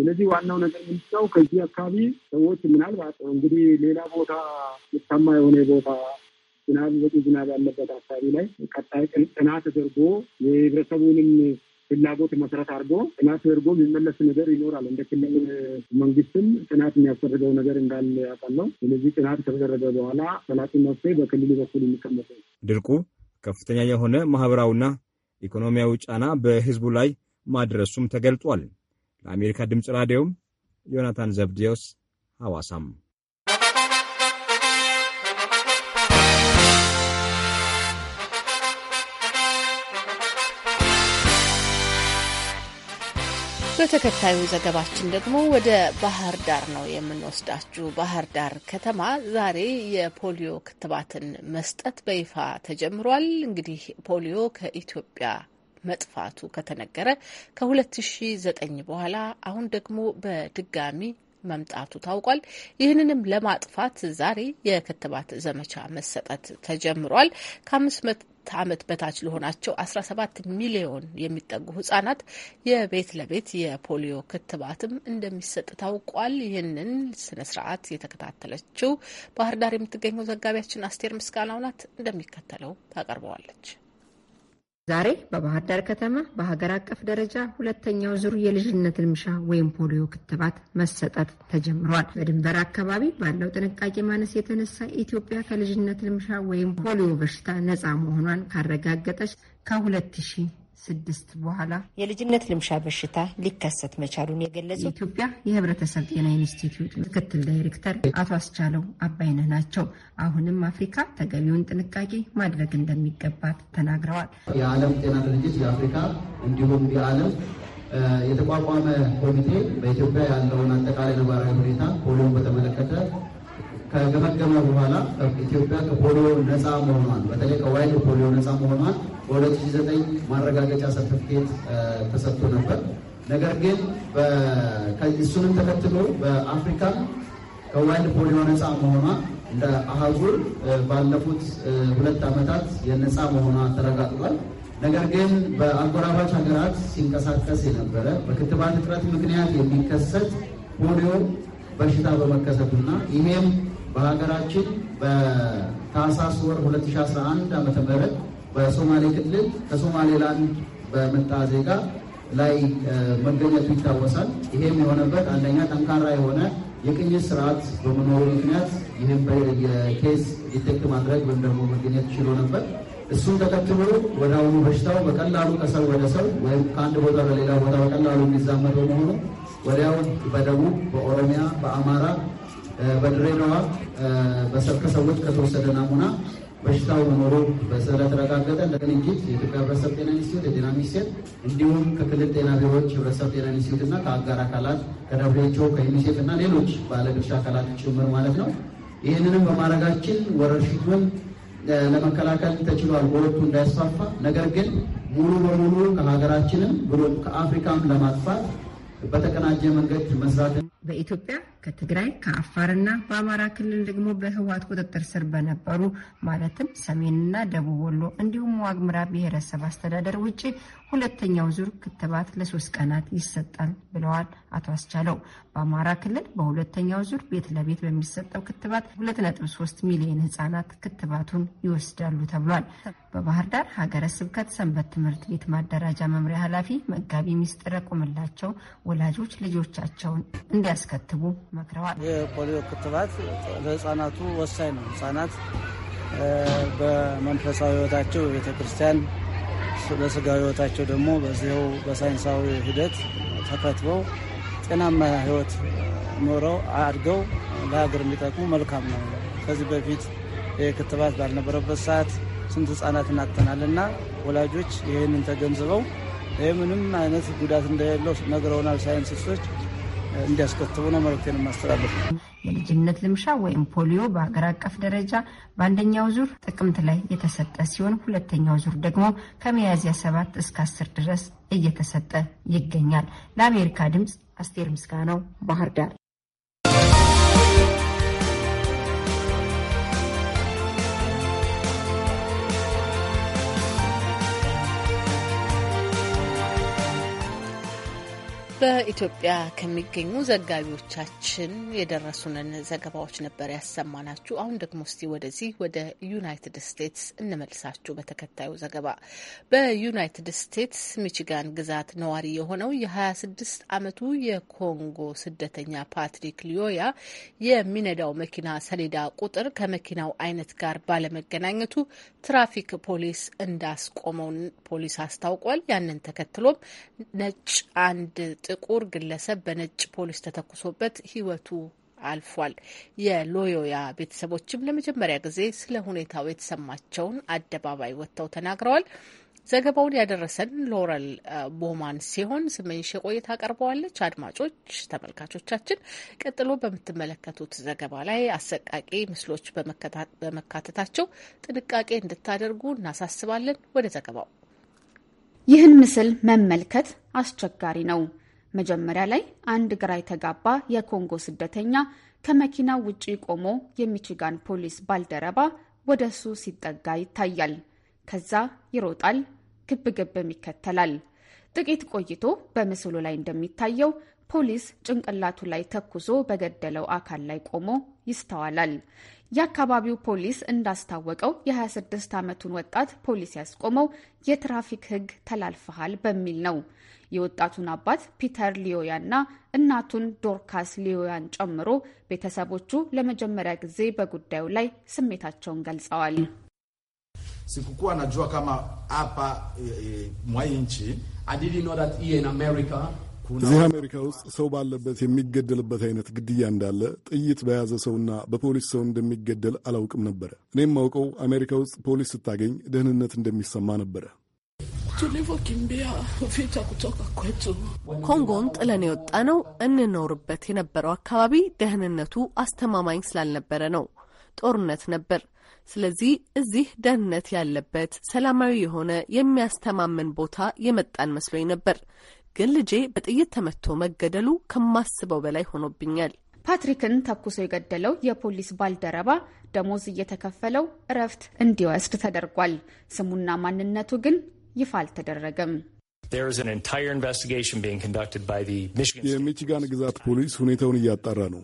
ስለዚህ ዋናው ነገር ምንድነው? ከዚህ አካባቢ ሰዎች ምናልባት እንግዲህ ሌላ ቦታ የታማ የሆነ ቦታ ዝናብ በቂ ዝናብ ያለበት አካባቢ ላይ ቀጣይ ጥናት ተደርጎ የህብረተሰቡንም ፍላጎት መሰረት አድርጎ ጥናት ተደርጎ የሚመለስ ነገር ይኖራል። እንደ ክልል መንግስትም ጥናት የሚያስፈልገው ነገር እንዳለ ያውቃለሁ። ስለዚህ ጥናት ከተደረገ በኋላ ሰላጢ መፍትሄ በክልሉ በኩል የሚቀመጠ ድርቁ ከፍተኛ የሆነ ማህበራዊና ኢኮኖሚያዊ ጫና በህዝቡ ላይ ማድረሱም ተገልጧል። ለአሜሪካ ድምፅ ራዲዮም ዮናታን ዘብዲዮስ ሐዋሳም በተከታዩ ዘገባችን ደግሞ ወደ ባህር ዳር ነው የምንወስዳችሁ። ባህር ዳር ከተማ ዛሬ የፖሊዮ ክትባትን መስጠት በይፋ ተጀምሯል። እንግዲህ ፖሊዮ ከኢትዮጵያ መጥፋቱ ከተነገረ ከ2009 በኋላ አሁን ደግሞ በድጋሚ መምጣቱ ታውቋል። ይህንንም ለማጥፋት ዛሬ የክትባት ዘመቻ መሰጠት ተጀምሯል። ከአምስት ከ ዓመት በታች ለሆናቸው 17 ሚሊዮን የሚጠጉ ህጻናት የቤት ለቤት የፖሊዮ ክትባትም እንደሚሰጥ ታውቋል። ይህንን ስነ ስርዓት የተከታተለችው ባህር ዳር የምትገኘው ዘጋቢያችን አስቴር ምስጋናው ናት፣ እንደሚከተለው ታቀርበዋለች። ዛሬ በባህር ዳር ከተማ በሀገር አቀፍ ደረጃ ሁለተኛው ዙር የልጅነት ልምሻ ወይም ፖሊዮ ክትባት መሰጠት ተጀምሯል። በድንበር አካባቢ ባለው ጥንቃቄ ማነስ የተነሳ ኢትዮጵያ ከልጅነት ልምሻ ወይም ፖሊዮ በሽታ ነፃ መሆኗን ካረጋገጠች ከሁለት ሺህ ስድስት በኋላ የልጅነት ልምሻ በሽታ ሊከሰት መቻሉን የገለጹት የኢትዮጵያ የህብረተሰብ ጤና ኢንስቲትዩት ምክትል ዳይሬክተር አቶ አስቻለው አባይነህ ናቸው። አሁንም አፍሪካ ተገቢውን ጥንቃቄ ማድረግ እንደሚገባት ተናግረዋል። የዓለም ጤና ድርጅት የአፍሪካ እንዲሁም የዓለም የተቋቋመ ኮሚቴ በኢትዮጵያ ያለውን አጠቃላይ ነባራዊ ሁኔታ ፖሊዮን በተመለከተ ከገመገመ በኋላ ኢትዮጵያ ከፖሊዮ ነፃ መሆኗን በተለይ ከዋይል ፖሊዮ ነፃ መሆኗን በ2009 ማረጋገጫ ሰርተፍኬት ተሰጥቶ ነበር። ነገር ግን እሱንም ተከትሎ በአፍሪካ ከዋይል ፖሊዮ ነፃ መሆኗ እንደ አህጉር ባለፉት ሁለት ዓመታት የነፃ መሆኗ ተረጋግጧል። ነገር ግን በአጎራባች ሀገራት ሲንቀሳቀስ የነበረ በክትባት እጥረት ምክንያት የሚከሰት ፖሊዮ በሽታ በመከሰቱና ይሄም በሀገራችን በታህሳስ ወር 2011 ዓ ም በሶማሌ ክልል ከሶማሌላንድ በመጣ ዜጋ ላይ መገኘቱ ይታወሳል። ይሄም የሆነበት አንደኛ ጠንካራ የሆነ የቅኝት ስርዓት በመኖሩ ምክንያት ይህም የኬስ ዲቴክት ማድረግ ወይም ደግሞ መገኘት ችሎ ነበር። እሱን ተከትሎ ወደ አሁኑ በሽታው በቀላሉ ከሰው ወደ ሰው ወይም ከአንድ ቦታ በሌላ ቦታ በቀላሉ የሚዛመድ በመሆኑ ወዲያው በደቡብ፣ በኦሮሚያ፣ በአማራ በድሬዳዋ ከሰዎች ከተወሰደ ናሙና በሽታው መኖሩ ስለተረጋገጠ ለቅንጅት የኢትዮጵያ ህብረተሰብ ጤና ኢንስቲትዩት የጤና ሚኒስቴር እንዲሁም ከክልል ጤና ቢሮዎች ህብረተሰብ ጤና ኢንስቲትዩት እና ከአጋር አካላት ከደብሬቸው ከዩኒሴፍ እና ሌሎች ባለድርሻ አካላት ጭምር ማለት ነው። ይህንንም በማድረጋችን ወረርሽቱን ለመከላከል ተችሏል፣ በወቅቱ እንዳይስፋፋ ነገር ግን ሙሉ በሙሉ ከሀገራችንም ብሎም ከአፍሪካም ለማጥፋት በተቀናጀ መንገድ መስራት በኢትዮጵያ ከትግራይ ከአፋርና በአማራ ክልል ደግሞ በህወሓት ቁጥጥር ስር በነበሩ ማለትም ሰሜንና ደቡብ ወሎ እንዲሁም ዋግምራ ብሔረሰብ አስተዳደር ውጭ ሁለተኛው ዙር ክትባት ለሶስት ቀናት ይሰጣል ብለዋል አቶ አስቻለው። በአማራ ክልል በሁለተኛው ዙር ቤት ለቤት በሚሰጠው ክትባት 2.3 ሚሊዮን ህጻናት ክትባቱን ይወስዳሉ ተብሏል። በባህር ዳር ሀገረ ስብከት ሰንበት ትምህርት ቤት ማደራጃ መምሪያ ኃላፊ መጋቢ ሚስጥር ቁምላቸው ወላጆች ልጆቻቸውን እንዲያስከትቡ መክረዋል። የፖሊዮ ክትባት ለህፃናቱ ወሳኝ ነው። ህፃናት በመንፈሳዊ ህይወታቸው በቤተ ክርስቲያን፣ በስጋዊ ህይወታቸው ደግሞ በዚው በሳይንሳዊ ሂደት ተከትበው ጤናማ ህይወት ኖረው አድገው ለሀገር የሚጠቅሙ መልካም ነው። ከዚህ በፊት ክትባት ባልነበረበት ሰዓት ስንት ህጻናት እናተናል እና ወላጆች ይህንን ተገንዝበው ይህ ምንም አይነት ጉዳት እንደሌለው ነግረውናል ሳይንስቶች። እንዲያስከትቡ ነው መልእክቴን የማስተላለፍ። የልጅነት ልምሻ ወይም ፖሊዮ በሀገር አቀፍ ደረጃ በአንደኛው ዙር ጥቅምት ላይ የተሰጠ ሲሆን ሁለተኛው ዙር ደግሞ ከሚያዝያ ሰባት እስከ አስር ድረስ እየተሰጠ ይገኛል። ለአሜሪካ ድምፅ አስቴር ምስጋናው ባህር ዳር። በኢትዮጵያ ከሚገኙ ዘጋቢዎቻችን የደረሱንን ዘገባዎች ነበር ያሰማናችሁ። አሁን ደግሞ እስቲ ወደዚህ ወደ ዩናይትድ ስቴትስ እንመልሳችሁ በተከታዩ ዘገባ። በዩናይትድ ስቴትስ ሚችጋን ግዛት ነዋሪ የሆነው የ26 ዓመቱ የኮንጎ ስደተኛ ፓትሪክ ሊዮያ የሚነዳው መኪና ሰሌዳ ቁጥር ከመኪናው አይነት ጋር ባለመገናኘቱ ትራፊክ ፖሊስ እንዳስቆመውን ፖሊስ አስታውቋል። ያንን ተከትሎም ነጭ አንድ ጥቁር ግለሰብ በነጭ ፖሊስ ተተኩሶበት ህይወቱ አልፏል። የሎዮያ ቤተሰቦችም ለመጀመሪያ ጊዜ ስለ ሁኔታው የተሰማቸውን አደባባይ ወጥተው ተናግረዋል። ዘገባውን ያደረሰን ሎረል ቦማን ሲሆን ስመኝሽ ቆይታ አቀርበዋለች። አድማጮች፣ ተመልካቾቻችን ቀጥሎ በምትመለከቱት ዘገባ ላይ አሰቃቂ ምስሎች በመካተታቸው ጥንቃቄ እንድታደርጉ እናሳስባለን። ወደ ዘገባው። ይህን ምስል መመልከት አስቸጋሪ ነው። መጀመሪያ ላይ አንድ ግራ የተጋባ የኮንጎ ስደተኛ ከመኪናው ውጪ ቆሞ የሚችጋን ፖሊስ ባልደረባ ወደ እሱ ሲጠጋ ይታያል። ከዛ ይሮጣል፣ ግብግብም ይከተላል። ጥቂት ቆይቶ በምስሉ ላይ እንደሚታየው ፖሊስ ጭንቅላቱ ላይ ተኩሶ በገደለው አካል ላይ ቆሞ ይስተዋላል። የአካባቢው ፖሊስ እንዳስታወቀው የ26 ዓመቱን ወጣት ፖሊስ ያስቆመው የትራፊክ ሕግ ተላልፈሃል በሚል ነው። የወጣቱን አባት ፒተር ሊዮያና እናቱን ዶርካስ ሊዮያን ጨምሮ ቤተሰቦቹ ለመጀመሪያ ጊዜ በጉዳዩ ላይ ስሜታቸውን ገልጸዋል። ሲኩኩዋ najua kama አፓ eh, eh, mwa nchi I didn't know እዚህ አሜሪካ ውስጥ ሰው ባለበት የሚገደልበት አይነት ግድያ እንዳለ ጥይት በያዘ ሰውና በፖሊስ ሰው እንደሚገደል አላውቅም ነበረ። እኔም አውቀው አሜሪካ ውስጥ ፖሊስ ስታገኝ ደህንነት እንደሚሰማ ነበረ። ኮንጎን ጥለን የወጣ ነው። እንኖርበት የነበረው አካባቢ ደህንነቱ አስተማማኝ ስላልነበረ ነው። ጦርነት ነበር። ስለዚህ እዚህ ደህንነት ያለበት ሰላማዊ የሆነ የሚያስተማምን ቦታ የመጣን መስሎኝ ነበር። ግን ልጄ በጥይት ተመቶ መገደሉ ከማስበው በላይ ሆኖብኛል። ፓትሪክን ተኩሶ የገደለው የፖሊስ ባልደረባ ደሞዝ እየተከፈለው እረፍት እንዲወስድ ተደርጓል። ስሙና ማንነቱ ግን ይፋ አልተደረገም። የሚችጋን ግዛት ፖሊስ ሁኔታውን እያጣራ ነው።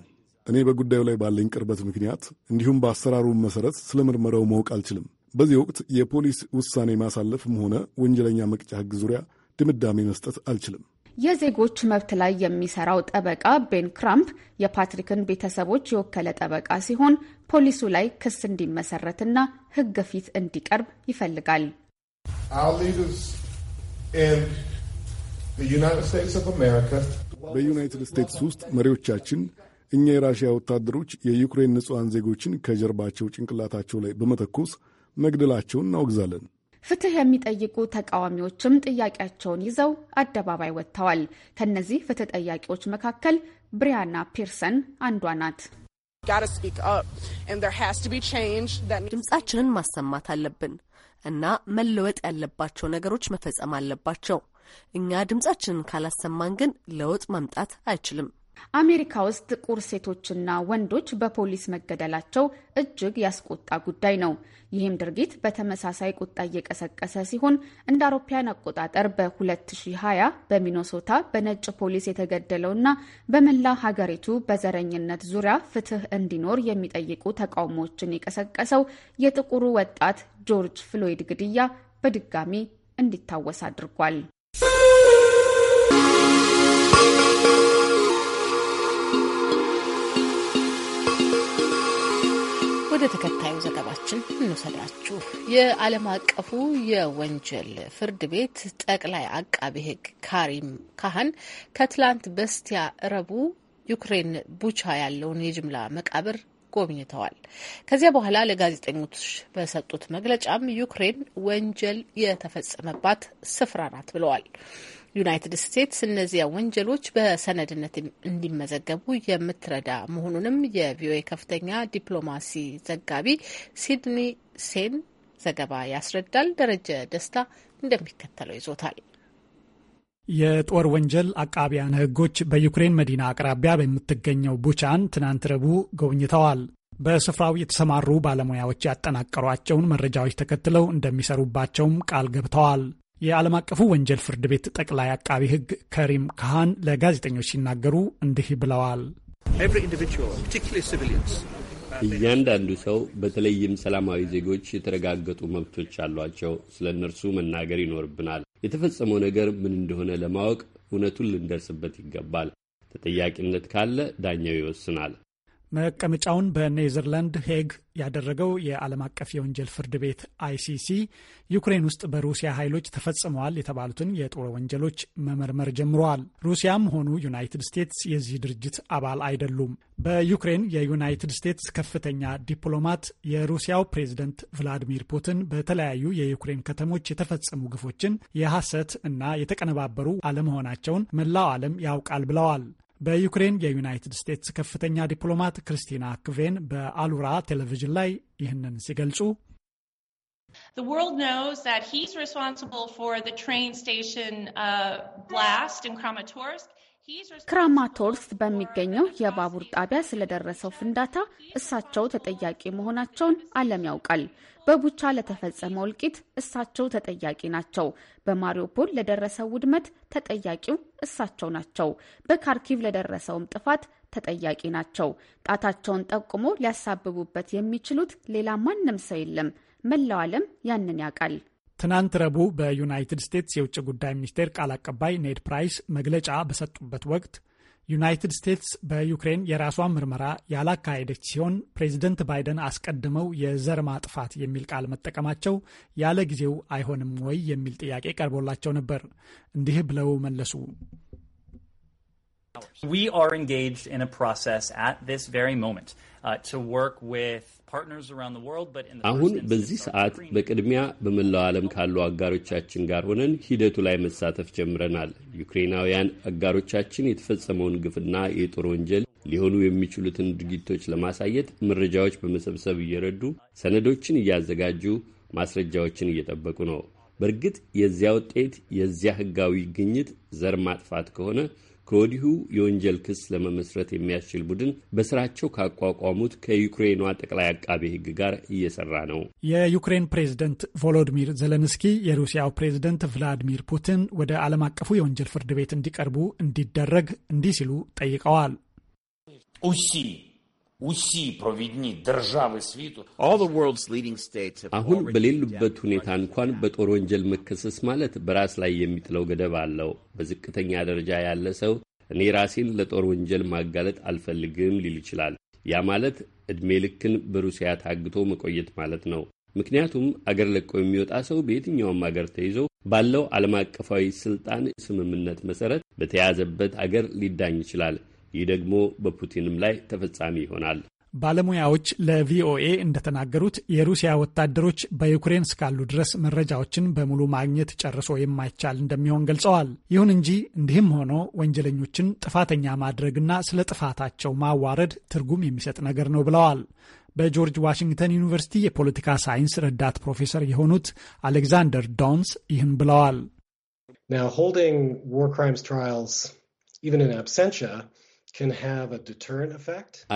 እኔ በጉዳዩ ላይ ባለኝ ቅርበት ምክንያት እንዲሁም በአሰራሩ መሰረት ስለ ምርመራው ማወቅ አልችልም። በዚህ ወቅት የፖሊስ ውሳኔ ማሳለፍም ሆነ ወንጀለኛ መቅጫ ሕግ ዙሪያ ድምዳሜ መስጠት አልችልም። የዜጎች መብት ላይ የሚሰራው ጠበቃ ቤን ክራምፕ የፓትሪክን ቤተሰቦች የወከለ ጠበቃ ሲሆን ፖሊሱ ላይ ክስ እንዲመሰረትና ሕግ ፊት እንዲቀርብ ይፈልጋል። በዩናይትድ ስቴትስ ውስጥ መሪዎቻችን እኛ የራሽያ ወታደሮች የዩክሬን ንጹሐን ዜጎችን ከጀርባቸው ጭንቅላታቸው ላይ በመተኮስ መግደላቸውን እናወግዛለን። ፍትህ የሚጠይቁ ተቃዋሚዎችም ጥያቄያቸውን ይዘው አደባባይ ወጥተዋል። ከነዚህ ፍትህ ጠያቂዎች መካከል ብሪያና ፒርሰን አንዷ ናት። ድምጻችንን ማሰማት አለብን እና መለወጥ ያለባቸው ነገሮች መፈጸም አለባቸው። እኛ ድምጻችንን ካላሰማን ግን ለውጥ መምጣት አይችልም። አሜሪካ ውስጥ ጥቁር ሴቶችና ወንዶች በፖሊስ መገደላቸው እጅግ ያስቆጣ ጉዳይ ነው። ይህም ድርጊት በተመሳሳይ ቁጣ እየቀሰቀሰ ሲሆን እንደ አውሮፓውያን አቆጣጠር በ2020 በሚኖሶታ በነጭ ፖሊስ የተገደለውና በመላ ሀገሪቱ በዘረኝነት ዙሪያ ፍትህ እንዲኖር የሚጠይቁ ተቃውሞዎችን የቀሰቀሰው የጥቁሩ ወጣት ጆርጅ ፍሎይድ ግድያ በድጋሚ እንዲታወስ አድርጓል። ወደ ተከታዩ ዘገባችን እንውሰዳችሁ። የዓለም አቀፉ የወንጀል ፍርድ ቤት ጠቅላይ አቃቢ ሕግ ካሪም ካህን ከትላንት በስቲያ ረቡዕ ዩክሬን ቡቻ ያለውን የጅምላ መቃብር ጎብኝተዋል። ከዚያ በኋላ ለጋዜጠኞች በሰጡት መግለጫም ዩክሬን ወንጀል የተፈጸመባት ስፍራ ናት ብለዋል። ዩናይትድ ስቴትስ እነዚያ ወንጀሎች በሰነድነት እንዲመዘገቡ የምትረዳ መሆኑንም የቪኦኤ ከፍተኛ ዲፕሎማሲ ዘጋቢ ሲድኒ ሴን ዘገባ ያስረዳል። ደረጀ ደስታ እንደሚከተለው ይዞታል። የጦር ወንጀል አቃቢያን ሕጎች በዩክሬን መዲና አቅራቢያ በምትገኘው ቡቻን ትናንት ረቡዕ ጎብኝተዋል። በስፍራው የተሰማሩ ባለሙያዎች ያጠናቀሯቸውን መረጃዎች ተከትለው እንደሚሰሩባቸውም ቃል ገብተዋል። የዓለም አቀፉ ወንጀል ፍርድ ቤት ጠቅላይ አቃቢ ሕግ ከሪም ካሃን ለጋዜጠኞች ሲናገሩ እንዲህ ብለዋል። እያንዳንዱ ሰው በተለይም ሰላማዊ ዜጎች የተረጋገጡ መብቶች አሏቸው። ስለ እነርሱ መናገር ይኖርብናል። የተፈጸመው ነገር ምን እንደሆነ ለማወቅ እውነቱን ልንደርስበት ይገባል። ተጠያቂነት ካለ ዳኛው ይወስናል። መቀመጫውን በኔዘርላንድ ሄግ ያደረገው የዓለም አቀፍ የወንጀል ፍርድ ቤት አይሲሲ ዩክሬን ውስጥ በሩሲያ ኃይሎች ተፈጽመዋል የተባሉትን የጦር ወንጀሎች መመርመር ጀምረዋል። ሩሲያም ሆኑ ዩናይትድ ስቴትስ የዚህ ድርጅት አባል አይደሉም። በዩክሬን የዩናይትድ ስቴትስ ከፍተኛ ዲፕሎማት የሩሲያው ፕሬዝደንት ቭላዲሚር ፑቲን በተለያዩ የዩክሬን ከተሞች የተፈጸሙ ግፎችን የሐሰት እና የተቀነባበሩ አለመሆናቸውን መላው ዓለም ያውቃል ብለዋል። በዩክሬን የዩናይትድ ስቴትስ ከፍተኛ ዲፕሎማት ክርስቲና ክቬን በአሉራ ቴሌቪዥን ላይ ይህንን ሲገልጹ The world knows that he's responsible for the train station uh, blast in Kramatorsk. ክራማቶርስ በሚገኘው የባቡር ጣቢያ ስለደረሰው ፍንዳታ እሳቸው ተጠያቂ መሆናቸውን ዓለም ያውቃል። በቡቻ ለተፈጸመው እልቂት እሳቸው ተጠያቂ ናቸው። በማሪውፖል ለደረሰው ውድመት ተጠያቂው እሳቸው ናቸው። በካርኪቭ ለደረሰውም ጥፋት ተጠያቂ ናቸው። ጣታቸውን ጠቁሞ ሊያሳብቡበት የሚችሉት ሌላ ማንም ሰው የለም። መላው ዓለም ያንን ያውቃል። ትናንት ረቡዕ በዩናይትድ ስቴትስ የውጭ ጉዳይ ሚኒስቴር ቃል አቀባይ ኔድ ፕራይስ መግለጫ በሰጡበት ወቅት ዩናይትድ ስቴትስ በዩክሬን የራሷን ምርመራ ያላካሄደች ሲሆን ፕሬዚደንት ባይደን አስቀድመው የዘር ማጥፋት የሚል ቃል መጠቀማቸው ያለ ጊዜው አይሆንም ወይ የሚል ጥያቄ ቀርቦላቸው ነበር። እንዲህ ብለው መለሱ። We are engaged in a process at this very moment uh, to work with አሁን በዚህ ሰዓት በቅድሚያ በመላው ዓለም ካሉ አጋሮቻችን ጋር ሆነን ሂደቱ ላይ መሳተፍ ጀምረናል። ዩክሬናውያን አጋሮቻችን የተፈጸመውን ግፍና የጦር ወንጀል ሊሆኑ የሚችሉትን ድርጊቶች ለማሳየት መረጃዎች በመሰብሰብ እየረዱ ሰነዶችን እያዘጋጁ ማስረጃዎችን እየጠበቁ ነው። በእርግጥ የዚያ ውጤት የዚያ ህጋዊ ግኝት ዘር ማጥፋት ከሆነ ከወዲሁ የወንጀል ክስ ለመመስረት የሚያስችል ቡድን በስራቸው ካቋቋሙት ከዩክሬኗ ጠቅላይ አቃቤ ሕግ ጋር እየሰራ ነው። የዩክሬን ፕሬዝደንት ቮሎዲሚር ዘለንስኪ የሩሲያው ፕሬዝደንት ቭላዲሚር ፑቲን ወደ ዓለም አቀፉ የወንጀል ፍርድ ቤት እንዲቀርቡ እንዲደረግ እንዲህ ሲሉ ጠይቀዋል። አሁን በሌሉበት ሁኔታ እንኳን በጦር ወንጀል መከሰስ ማለት በራስ ላይ የሚጥለው ገደብ አለው። በዝቅተኛ ደረጃ ያለ ሰው እኔ ራሴን ለጦር ወንጀል ማጋለጥ አልፈልግም ሊል ይችላል። ያ ማለት ዕድሜ ልክን በሩሲያ ታግቶ መቆየት ማለት ነው። ምክንያቱም አገር ለቆ የሚወጣ ሰው በየትኛውም አገር ተይዞ ባለው ዓለም አቀፋዊ ስልጣን ስምምነት መሰረት በተያዘበት አገር ሊዳኝ ይችላል። ይህ ደግሞ በፑቲንም ላይ ተፈጻሚ ይሆናል። ባለሙያዎች ለቪኦኤ እንደተናገሩት የሩሲያ ወታደሮች በዩክሬን እስካሉ ድረስ መረጃዎችን በሙሉ ማግኘት ጨርሶ የማይቻል እንደሚሆን ገልጸዋል። ይሁን እንጂ እንዲህም ሆኖ ወንጀለኞችን ጥፋተኛ ማድረግና ስለ ጥፋታቸው ማዋረድ ትርጉም የሚሰጥ ነገር ነው ብለዋል። በጆርጅ ዋሽንግተን ዩኒቨርሲቲ የፖለቲካ ሳይንስ ረዳት ፕሮፌሰር የሆኑት አሌክዛንደር ዶንስ ይህን ብለዋል። Now holding war crimes trials even in absentia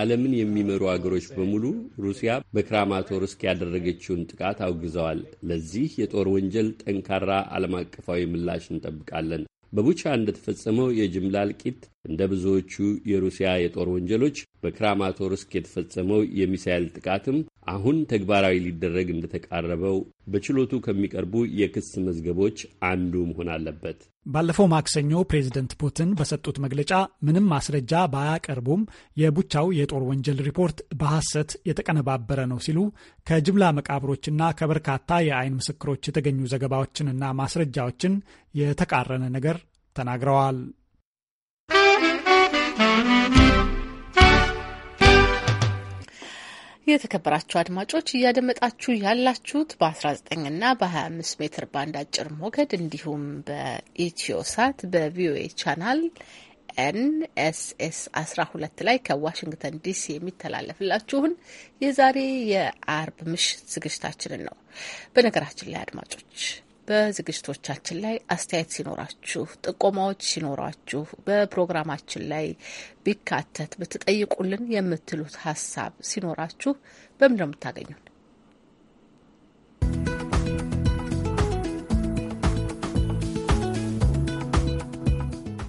ዓለምን የሚመሩ አገሮች በሙሉ ሩሲያ በክራማቶርስክ ያደረገችውን ጥቃት አውግዘዋል። ለዚህ የጦር ወንጀል ጠንካራ ዓለም አቀፋዊ ምላሽ እንጠብቃለን። በቡቻ እንደተፈጸመው የጅምላ እልቂት እንደ ብዙዎቹ የሩሲያ የጦር ወንጀሎች በክራማቶርስክ የተፈጸመው የሚሳኤል ጥቃትም አሁን ተግባራዊ ሊደረግ እንደተቃረበው በችሎቱ ከሚቀርቡ የክስ መዝገቦች አንዱ መሆን አለበት። ባለፈው ማክሰኞ ፕሬዝደንት ፑቲን በሰጡት መግለጫ ምንም ማስረጃ ባያቀርቡም የቡቻው የጦር ወንጀል ሪፖርት በሐሰት የተቀነባበረ ነው ሲሉ ከጅምላ መቃብሮችና ከበርካታ የአይን ምስክሮች የተገኙ ዘገባዎችንና ማስረጃዎችን የተቃረነ ነገር ተናግረዋል። የተከበራችሁ አድማጮች እያደመጣችሁ ያላችሁት በ19 እና በ25 ሜትር ባንድ አጭር ሞገድ እንዲሁም በኢትዮ ሳት በቪኦኤ ቻናል ኤንኤስኤስ 12 ላይ ከዋሽንግተን ዲሲ የሚተላለፍላችሁን የዛሬ የአርብ ምሽት ዝግጅታችንን ነው። በነገራችን ላይ አድማጮች በዝግጅቶቻችን ላይ አስተያየት ሲኖራችሁ፣ ጥቆማዎች ሲኖራችሁ፣ በፕሮግራማችን ላይ ቢካተት ብትጠይቁልን የምትሉት ሀሳብ ሲኖራችሁ በምን ነው የምታገኙን?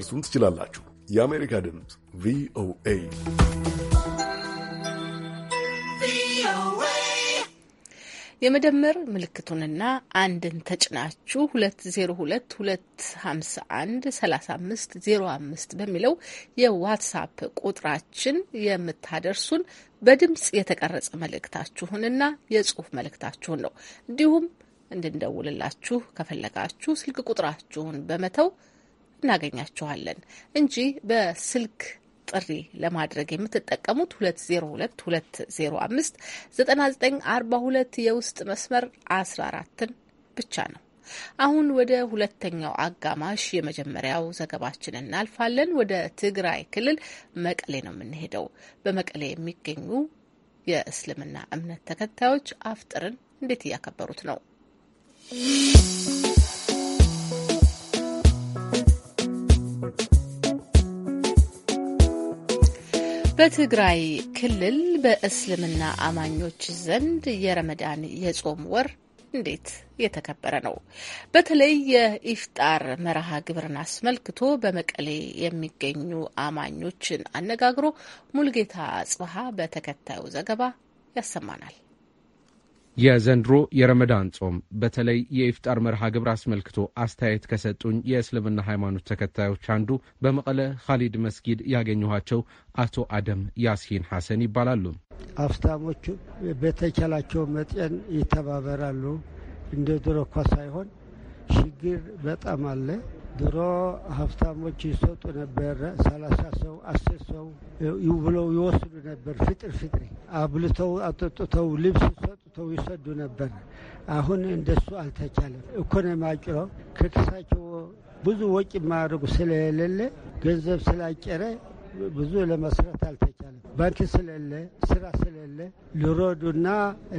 ልታደርሱን ትችላላችሁ። የአሜሪካ ድምፅ ቪኦኤ የመደመር ምልክቱንና አንድን ተጭናችሁ 2022513505 በሚለው የዋትሳፕ ቁጥራችን የምታደርሱን በድምፅ የተቀረጸ መልእክታችሁንና የጽሁፍ መልእክታችሁን ነው። እንዲሁም እንድንደውልላችሁ ከፈለጋችሁ ስልክ ቁጥራችሁን በመተው እናገኛችኋለን እንጂ በስልክ ጥሪ ለማድረግ የምትጠቀሙት 2022059942 የውስጥ መስመር 14ን ብቻ ነው። አሁን ወደ ሁለተኛው አጋማሽ የመጀመሪያው ዘገባችን እናልፋለን። ወደ ትግራይ ክልል መቀሌ ነው የምንሄደው። በመቀሌ የሚገኙ የእስልምና እምነት ተከታዮች አፍጥርን እንዴት እያከበሩት ነው? በትግራይ ክልል በእስልምና አማኞች ዘንድ የረመዳን የጾም ወር እንዴት የተከበረ ነው? በተለይ የኢፍጣር መርሃ ግብርን አስመልክቶ በመቀሌ የሚገኙ አማኞችን አነጋግሮ ሙልጌታ ጽብሃ በተከታዩ ዘገባ ያሰማናል። የዘንድሮ የረመዳን ጾም በተለይ የኢፍጣር መርሃ ግብር አስመልክቶ አስተያየት ከሰጡኝ የእስልምና ሃይማኖት ተከታዮች አንዱ በመቀለ ካሊድ መስጊድ ያገኘኋቸው አቶ አደም ያሲን ሐሰን ይባላሉ። አፍታሞቹ በተቻላቸው መጠን ይተባበራሉ። እንደ ድሮ እኳ ሳይሆን ችግር በጣም አለ። ድሮ ሀብታሞች ይሰጡ ነበር። ሰላሳ ሰው አስር ሰው ብለው ይወስዱ ነበር። ፍጥር ፍጥር አብልተው አጠጥተው ልብስ ሰጥተው ይሰዱ ነበር። አሁን እንደሱ አልተቻለም። እኮነ ማጭሮ ከክሳቸው ብዙ ወጪ ማድረጉ ስለሌለ ገንዘብ ስላጨረ ብዙ ለመስራት አልተቻለም። ባንክ ስለሌለ፣ ስራ ስለሌለ ልሮዱና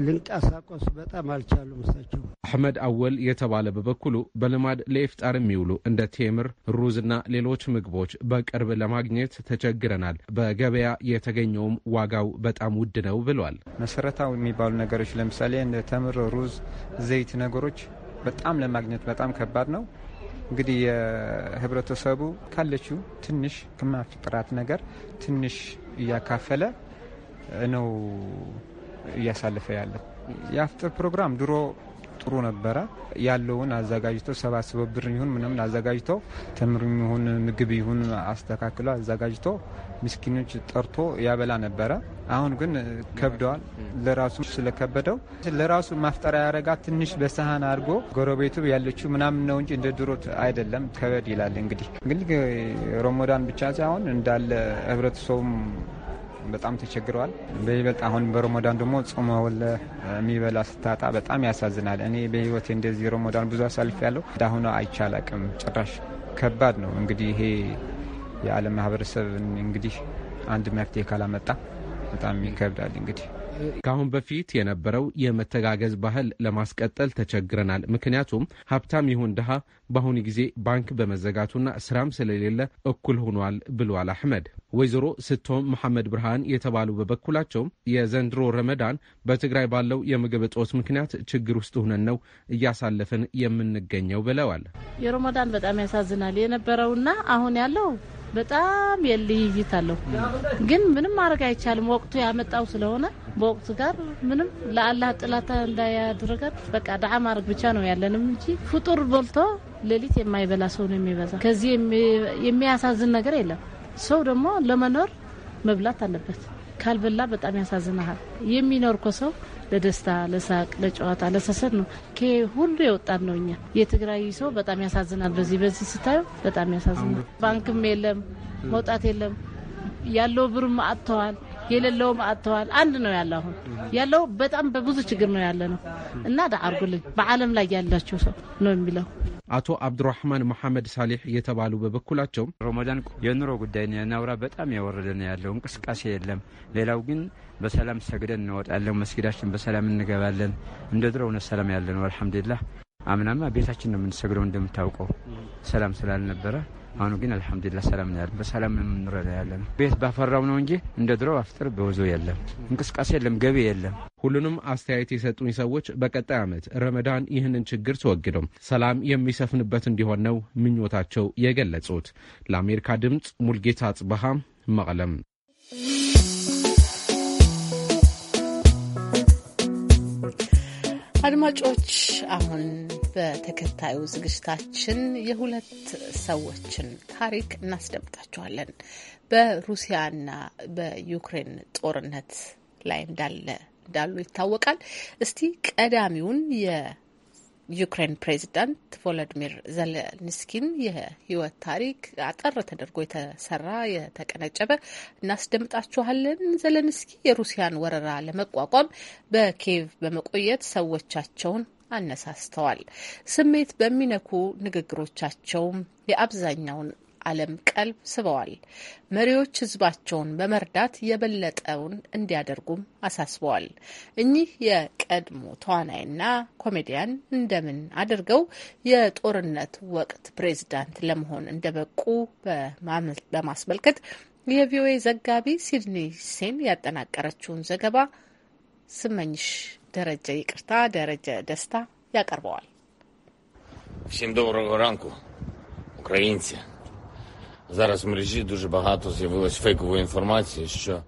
ልንቀሳቀሱ በጣም አልቻሉም። እሳቸው አሕመድ አወል የተባለ በበኩሉ በልማድ ለኢፍጣር የሚውሉ እንደ ቴምር፣ ሩዝና ሌሎች ምግቦች በቅርብ ለማግኘት ተቸግረናል። በገበያ የተገኘውም ዋጋው በጣም ውድ ነው ብሏል። መሰረታዊ የሚባሉ ነገሮች ለምሳሌ እንደ ተምር፣ ሩዝ፣ ዘይት ነገሮች በጣም ለማግኘት በጣም ከባድ ነው። እንግዲህ የህብረተሰቡ ካለችው ትንሽ ከማፍ ጥራት ነገር ትንሽ እያካፈለ ነው እያሳለፈ ያለ። የአፍጥር ፕሮግራም ድሮ ጥሩ ነበረ። ያለውን አዘጋጅተው ሰባስበው ብር ይሁን ምንም አዘጋጅተው ተምር ይሁን ምግብ ይሁን አስተካክሎ አዘጋጅተው ምስኪኖች ጠርቶ ያበላ ነበረ። አሁን ግን ከብደዋል። ለራሱ ስለከበደው ለራሱ ማፍጠሪያ ያረጋ ትንሽ በሰሃን አድርጎ ጎረቤቱ ያለችው ምናምን ነው እንጂ እንደ ድሮ አይደለም። ከበድ ይላል። እንግዲህ እንግዲህ ሮሞዳን ብቻ ሳይሆን እንዳለ ህብረተሰቡም በጣም ተቸግረዋል። በይበልጥ አሁን በሮሞዳን ደግሞ ጾመ ወለ የሚበላ ስታጣ በጣም ያሳዝናል። እኔ በህይወቴ እንደዚህ ሮሞዳን ብዙ አሳልፍ ያለው እንዳሁኑ አይቻላቅም። ጭራሽ ከባድ ነው። እንግዲህ ይሄ የዓለም ማህበረሰብ እንግዲህ አንድ መፍትሄ ካላመጣ በጣም ይከብዳል። እንግዲህ ከአሁን በፊት የነበረው የመተጋገዝ ባህል ለማስቀጠል ተቸግረናል። ምክንያቱም ሀብታም ይሁን ድሃ በአሁኑ ጊዜ ባንክ በመዘጋቱና ስራም ስለሌለ እኩል ሆኗል ብሏል አሕመድ። ወይዘሮ ስቶም መሐመድ ብርሃን የተባሉ በበኩላቸው የዘንድሮ ረመዳን በትግራይ ባለው የምግብ እጦት ምክንያት ችግር ውስጥ ሁነን ነው እያሳለፍን የምንገኘው ብለዋል። የረመዳን በጣም ያሳዝናል የነበረውና አሁን ያለው በጣም የልይ እይታ አለው። ግን ምንም ማድረግ አይቻልም። ወቅቱ ያመጣው ስለሆነ በወቅቱ ጋር ምንም ለአላህ ጥላታ እንዳያደረጋት በቃ ዳዓ ማድረግ ብቻ ነው ያለንም እንጂ ፍጡር በልቶ ሌሊት የማይበላ ሰው ነው የሚበዛ። ከዚህ የሚያሳዝን ነገር የለም። ሰው ደግሞ ለመኖር መብላት አለበት። ካልበላ በጣም ያሳዝናሃል። የሚኖር ሰው ለደስታ፣ ለሳቅ፣ ለጨዋታ፣ ለሰሰት ነው ከ ሁሉ የወጣን ነው። እኛ የትግራይ ሰው በጣም ያሳዝናል። በዚህ በዚህ ስታዩ በጣም ያሳዝናል። ባንክም የለም መውጣት የለም ያለው ብርም አጥተዋል። የሌለውም አጥተዋል። አንድ ነው ያለ አሁን ያለው በጣም በብዙ ችግር ነው ያለ ነው እና ዳ አርጉልኝ በዓለም ላይ ያላቸው ሰው ነው የሚለው አቶ አብዱራህማን መሐመድ ሳሌሕ እየተባሉ በበኩላቸው ሮመዳን የኑሮ ጉዳይ ናውራ በጣም ያወረደ ነው ያለው፣ እንቅስቃሴ የለም። ሌላው ግን በሰላም ሰግደን እንወጣለን፣ መስጊዳችን በሰላም እንገባለን። እንደ ድሮ ነው ሰላም ያለ ነው አልሐምዱሊላህ። አምናማ ቤታችን ነው የምንሰግደው እንደምታውቀው ሰላም ስላልነበረ አሁኑ ግን አልሐምዱሊላህ ሰላም ያለ። በሰላም የምንረዳ ያለ ነው። ቤት ባፈራው ነው እንጂ እንደ ድሮ አፍጥር በወዞ የለም፣ እንቅስቃሴ የለም፣ ገቢ የለም። ሁሉንም አስተያየት የሰጡኝ ሰዎች በቀጣይ ዓመት ረመዳን ይህንን ችግር ተወግደው ሰላም የሚሰፍንበት እንዲሆን ነው ምኞታቸው የገለጹት። ለአሜሪካ ድምፅ ሙልጌታ አጽበሃ መቀለም አድማጮች አሁን በተከታዩ ዝግጅታችን የሁለት ሰዎችን ታሪክ እናስደምጣችኋለን። በሩሲያና በዩክሬን ጦርነት ላይ እንዳለ እንዳሉ ይታወቃል። እስቲ ቀዳሚውን ዩክሬን ፕሬዚዳንት ቮሎዲሚር ዘለንስኪን የህይወት ታሪክ አጠር ተደርጎ የተሰራ የተቀነጨበ እናስደምጣችኋለን። ዘለንስኪ የሩሲያን ወረራ ለመቋቋም በኪየቭ በመቆየት ሰዎቻቸውን አነሳስተዋል። ስሜት በሚነኩ ንግግሮቻቸውም የአብዛኛውን ዓለም ቀልብ ስበዋል። መሪዎች ህዝባቸውን በመርዳት የበለጠውን እንዲያደርጉም አሳስበዋል። እኚህ የቀድሞ ተዋናይና ኮሜዲያን እንደምን አድርገው የጦርነት ወቅት ፕሬዚዳንት ለመሆን እንደበቁ በማስመልከት የቪኦኤ ዘጋቢ ሲድኒ ሴን ያጠናቀረችውን ዘገባ ስመኝሽ ደረጀ ይቅርታ ደረጀ ደስታ ያቀርበዋል። Всем доброго ранку, украинцы. Зараз в мережі дуже багато з'явилось фейкової інформації, що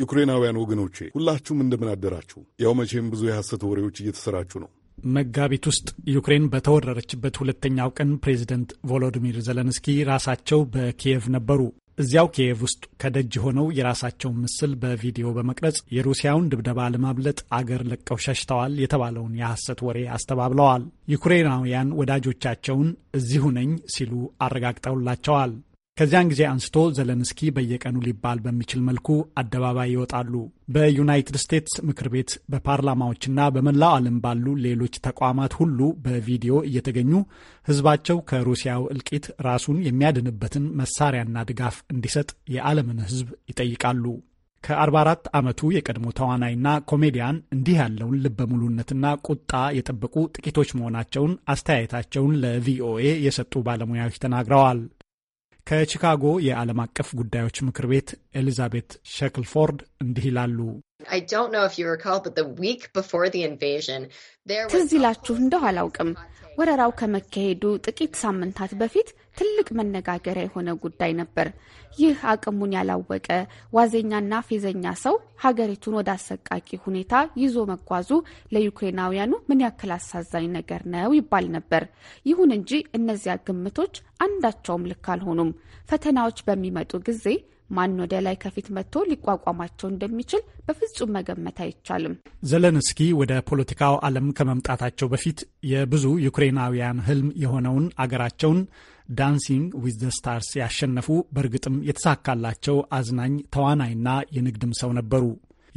ዩክሬናውያን ወገኖቼ ሁላችሁም እንደምናደራችሁ። ያው መቼም ብዙ የሐሰት ወሬዎች እየተሰራችሁ ነው። መጋቢት ውስጥ ዩክሬን በተወረረችበት ሁለተኛው ቀን ፕሬዚደንት ቮሎዲሚር ዘለንስኪ ራሳቸው በኪየቭ ነበሩ። እዚያው ኪየቭ ውስጥ ከደጅ ሆነው የራሳቸውን ምስል በቪዲዮ በመቅረጽ የሩሲያውን ድብደባ ለማብለጥ አገር ለቀው ሸሽተዋል የተባለውን የሐሰት ወሬ አስተባብለዋል። ዩክሬናውያን ወዳጆቻቸውን እዚሁ ነኝ ሲሉ አረጋግጠውላቸዋል። ከዚያን ጊዜ አንስቶ ዘለንስኪ በየቀኑ ሊባል በሚችል መልኩ አደባባይ ይወጣሉ። በዩናይትድ ስቴትስ ምክር ቤት በፓርላማዎችና በመላው ዓለም ባሉ ሌሎች ተቋማት ሁሉ በቪዲዮ እየተገኙ ሕዝባቸው ከሩሲያው እልቂት ራሱን የሚያድንበትን መሳሪያና ድጋፍ እንዲሰጥ የዓለምን ሕዝብ ይጠይቃሉ። ከ44 ዓመቱ የቀድሞ ተዋናይና ኮሜዲያን እንዲህ ያለውን ልበሙሉነትና ቁጣ የጠበቁ ጥቂቶች መሆናቸውን አስተያየታቸውን ለቪኦኤ የሰጡ ባለሙያዎች ተናግረዋል። ከቺካጎ የዓለም አቀፍ ጉዳዮች ምክር ቤት ኤሊዛቤት ሸክልፎርድ እንዲህ ይላሉ። ትዝ ይላችሁ እንደው አላውቅም፣ ወረራው ከመካሄዱ ጥቂት ሳምንታት በፊት ትልቅ መነጋገሪያ የሆነ ጉዳይ ነበር። ይህ አቅሙን ያላወቀ ዋዘኛና ፌዘኛ ሰው ሀገሪቱን ወደ አሰቃቂ ሁኔታ ይዞ መጓዙ ለዩክሬናውያኑ ምን ያክል አሳዛኝ ነገር ነው ይባል ነበር። ይሁን እንጂ እነዚያ ግምቶች አንዳቸውም ልክ አልሆኑም። ፈተናዎች በሚመጡ ጊዜ ማን ወደ ላይ ከፊት መጥቶ ሊቋቋማቸው እንደሚችል በፍጹም መገመት አይቻልም። ዘለንስኪ ወደ ፖለቲካው ዓለም ከመምጣታቸው በፊት የብዙ ዩክሬናውያን ህልም የሆነውን አገራቸውን ዳንሲንግ ዊዝ ዘ ስታርስ ያሸነፉ በእርግጥም የተሳካላቸው አዝናኝ ተዋናይና የንግድም ሰው ነበሩ።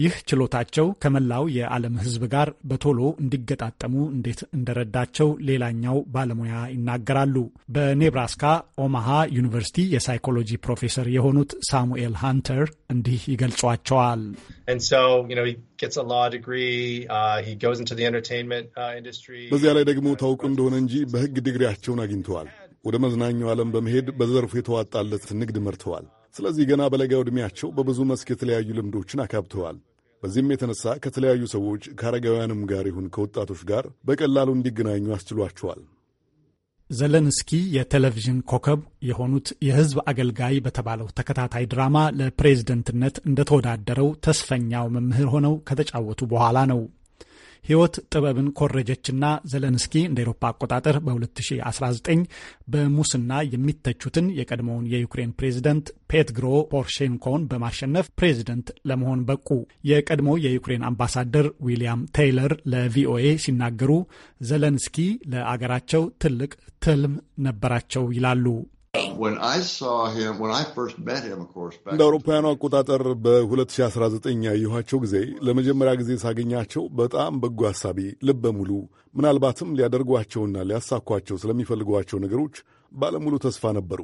ይህ ችሎታቸው ከመላው የዓለም ሕዝብ ጋር በቶሎ እንዲገጣጠሙ እንዴት እንደረዳቸው ሌላኛው ባለሙያ ይናገራሉ። በኔብራስካ ኦማሃ ዩኒቨርሲቲ የሳይኮሎጂ ፕሮፌሰር የሆኑት ሳሙኤል ሃንተር እንዲህ ይገልጿቸዋል። uh, uh, በዚያ ላይ ደግሞ ታውቁ እንደሆነ እንጂ በሕግ ዲግሪያቸውን አግኝተዋል። ወደ መዝናኛው ዓለም በመሄድ በዘርፉ የተዋጣለት ንግድ መርተዋል። ስለዚህ ገና በለጋ ዕድሜያቸው በብዙ መስክ የተለያዩ ልምዶችን አካብተዋል። በዚህም የተነሳ ከተለያዩ ሰዎች ከአረጋውያንም ጋር ይሁን ከወጣቶች ጋር በቀላሉ እንዲገናኙ አስችሏቸዋል። ዘለንስኪ የቴሌቪዥን ኮከብ የሆኑት የሕዝብ አገልጋይ በተባለው ተከታታይ ድራማ ለፕሬዝደንትነት እንደተወዳደረው ተስፈኛው መምህር ሆነው ከተጫወቱ በኋላ ነው። ሕይወት ጥበብን ኮረጀችና ዘለንስኪ እንደ ኤሮፓ አቆጣጠር በ2019 በሙስና የሚተቹትን የቀድሞውን የዩክሬን ፕሬዝደንት ፔትግሮ ፖርሼንኮን በማሸነፍ ፕሬዝደንት ለመሆን በቁ። የቀድሞ የዩክሬን አምባሳደር ዊሊያም ቴይለር ለቪኦኤ ሲናገሩ ዘለንስኪ ለአገራቸው ትልቅ ትልም ነበራቸው ይላሉ። Uh, እንደ አውሮፓውያኑ አቆጣጠር በ2019 ያየኋቸው ጊዜ ለመጀመሪያ ጊዜ ሳገኛቸው በጣም በጎ ሐሳቢ፣ ልበ ሙሉ፣ ምናልባትም ሊያደርጓቸውና ሊያሳኳቸው ስለሚፈልጓቸው ነገሮች ባለሙሉ ተስፋ ነበሩ።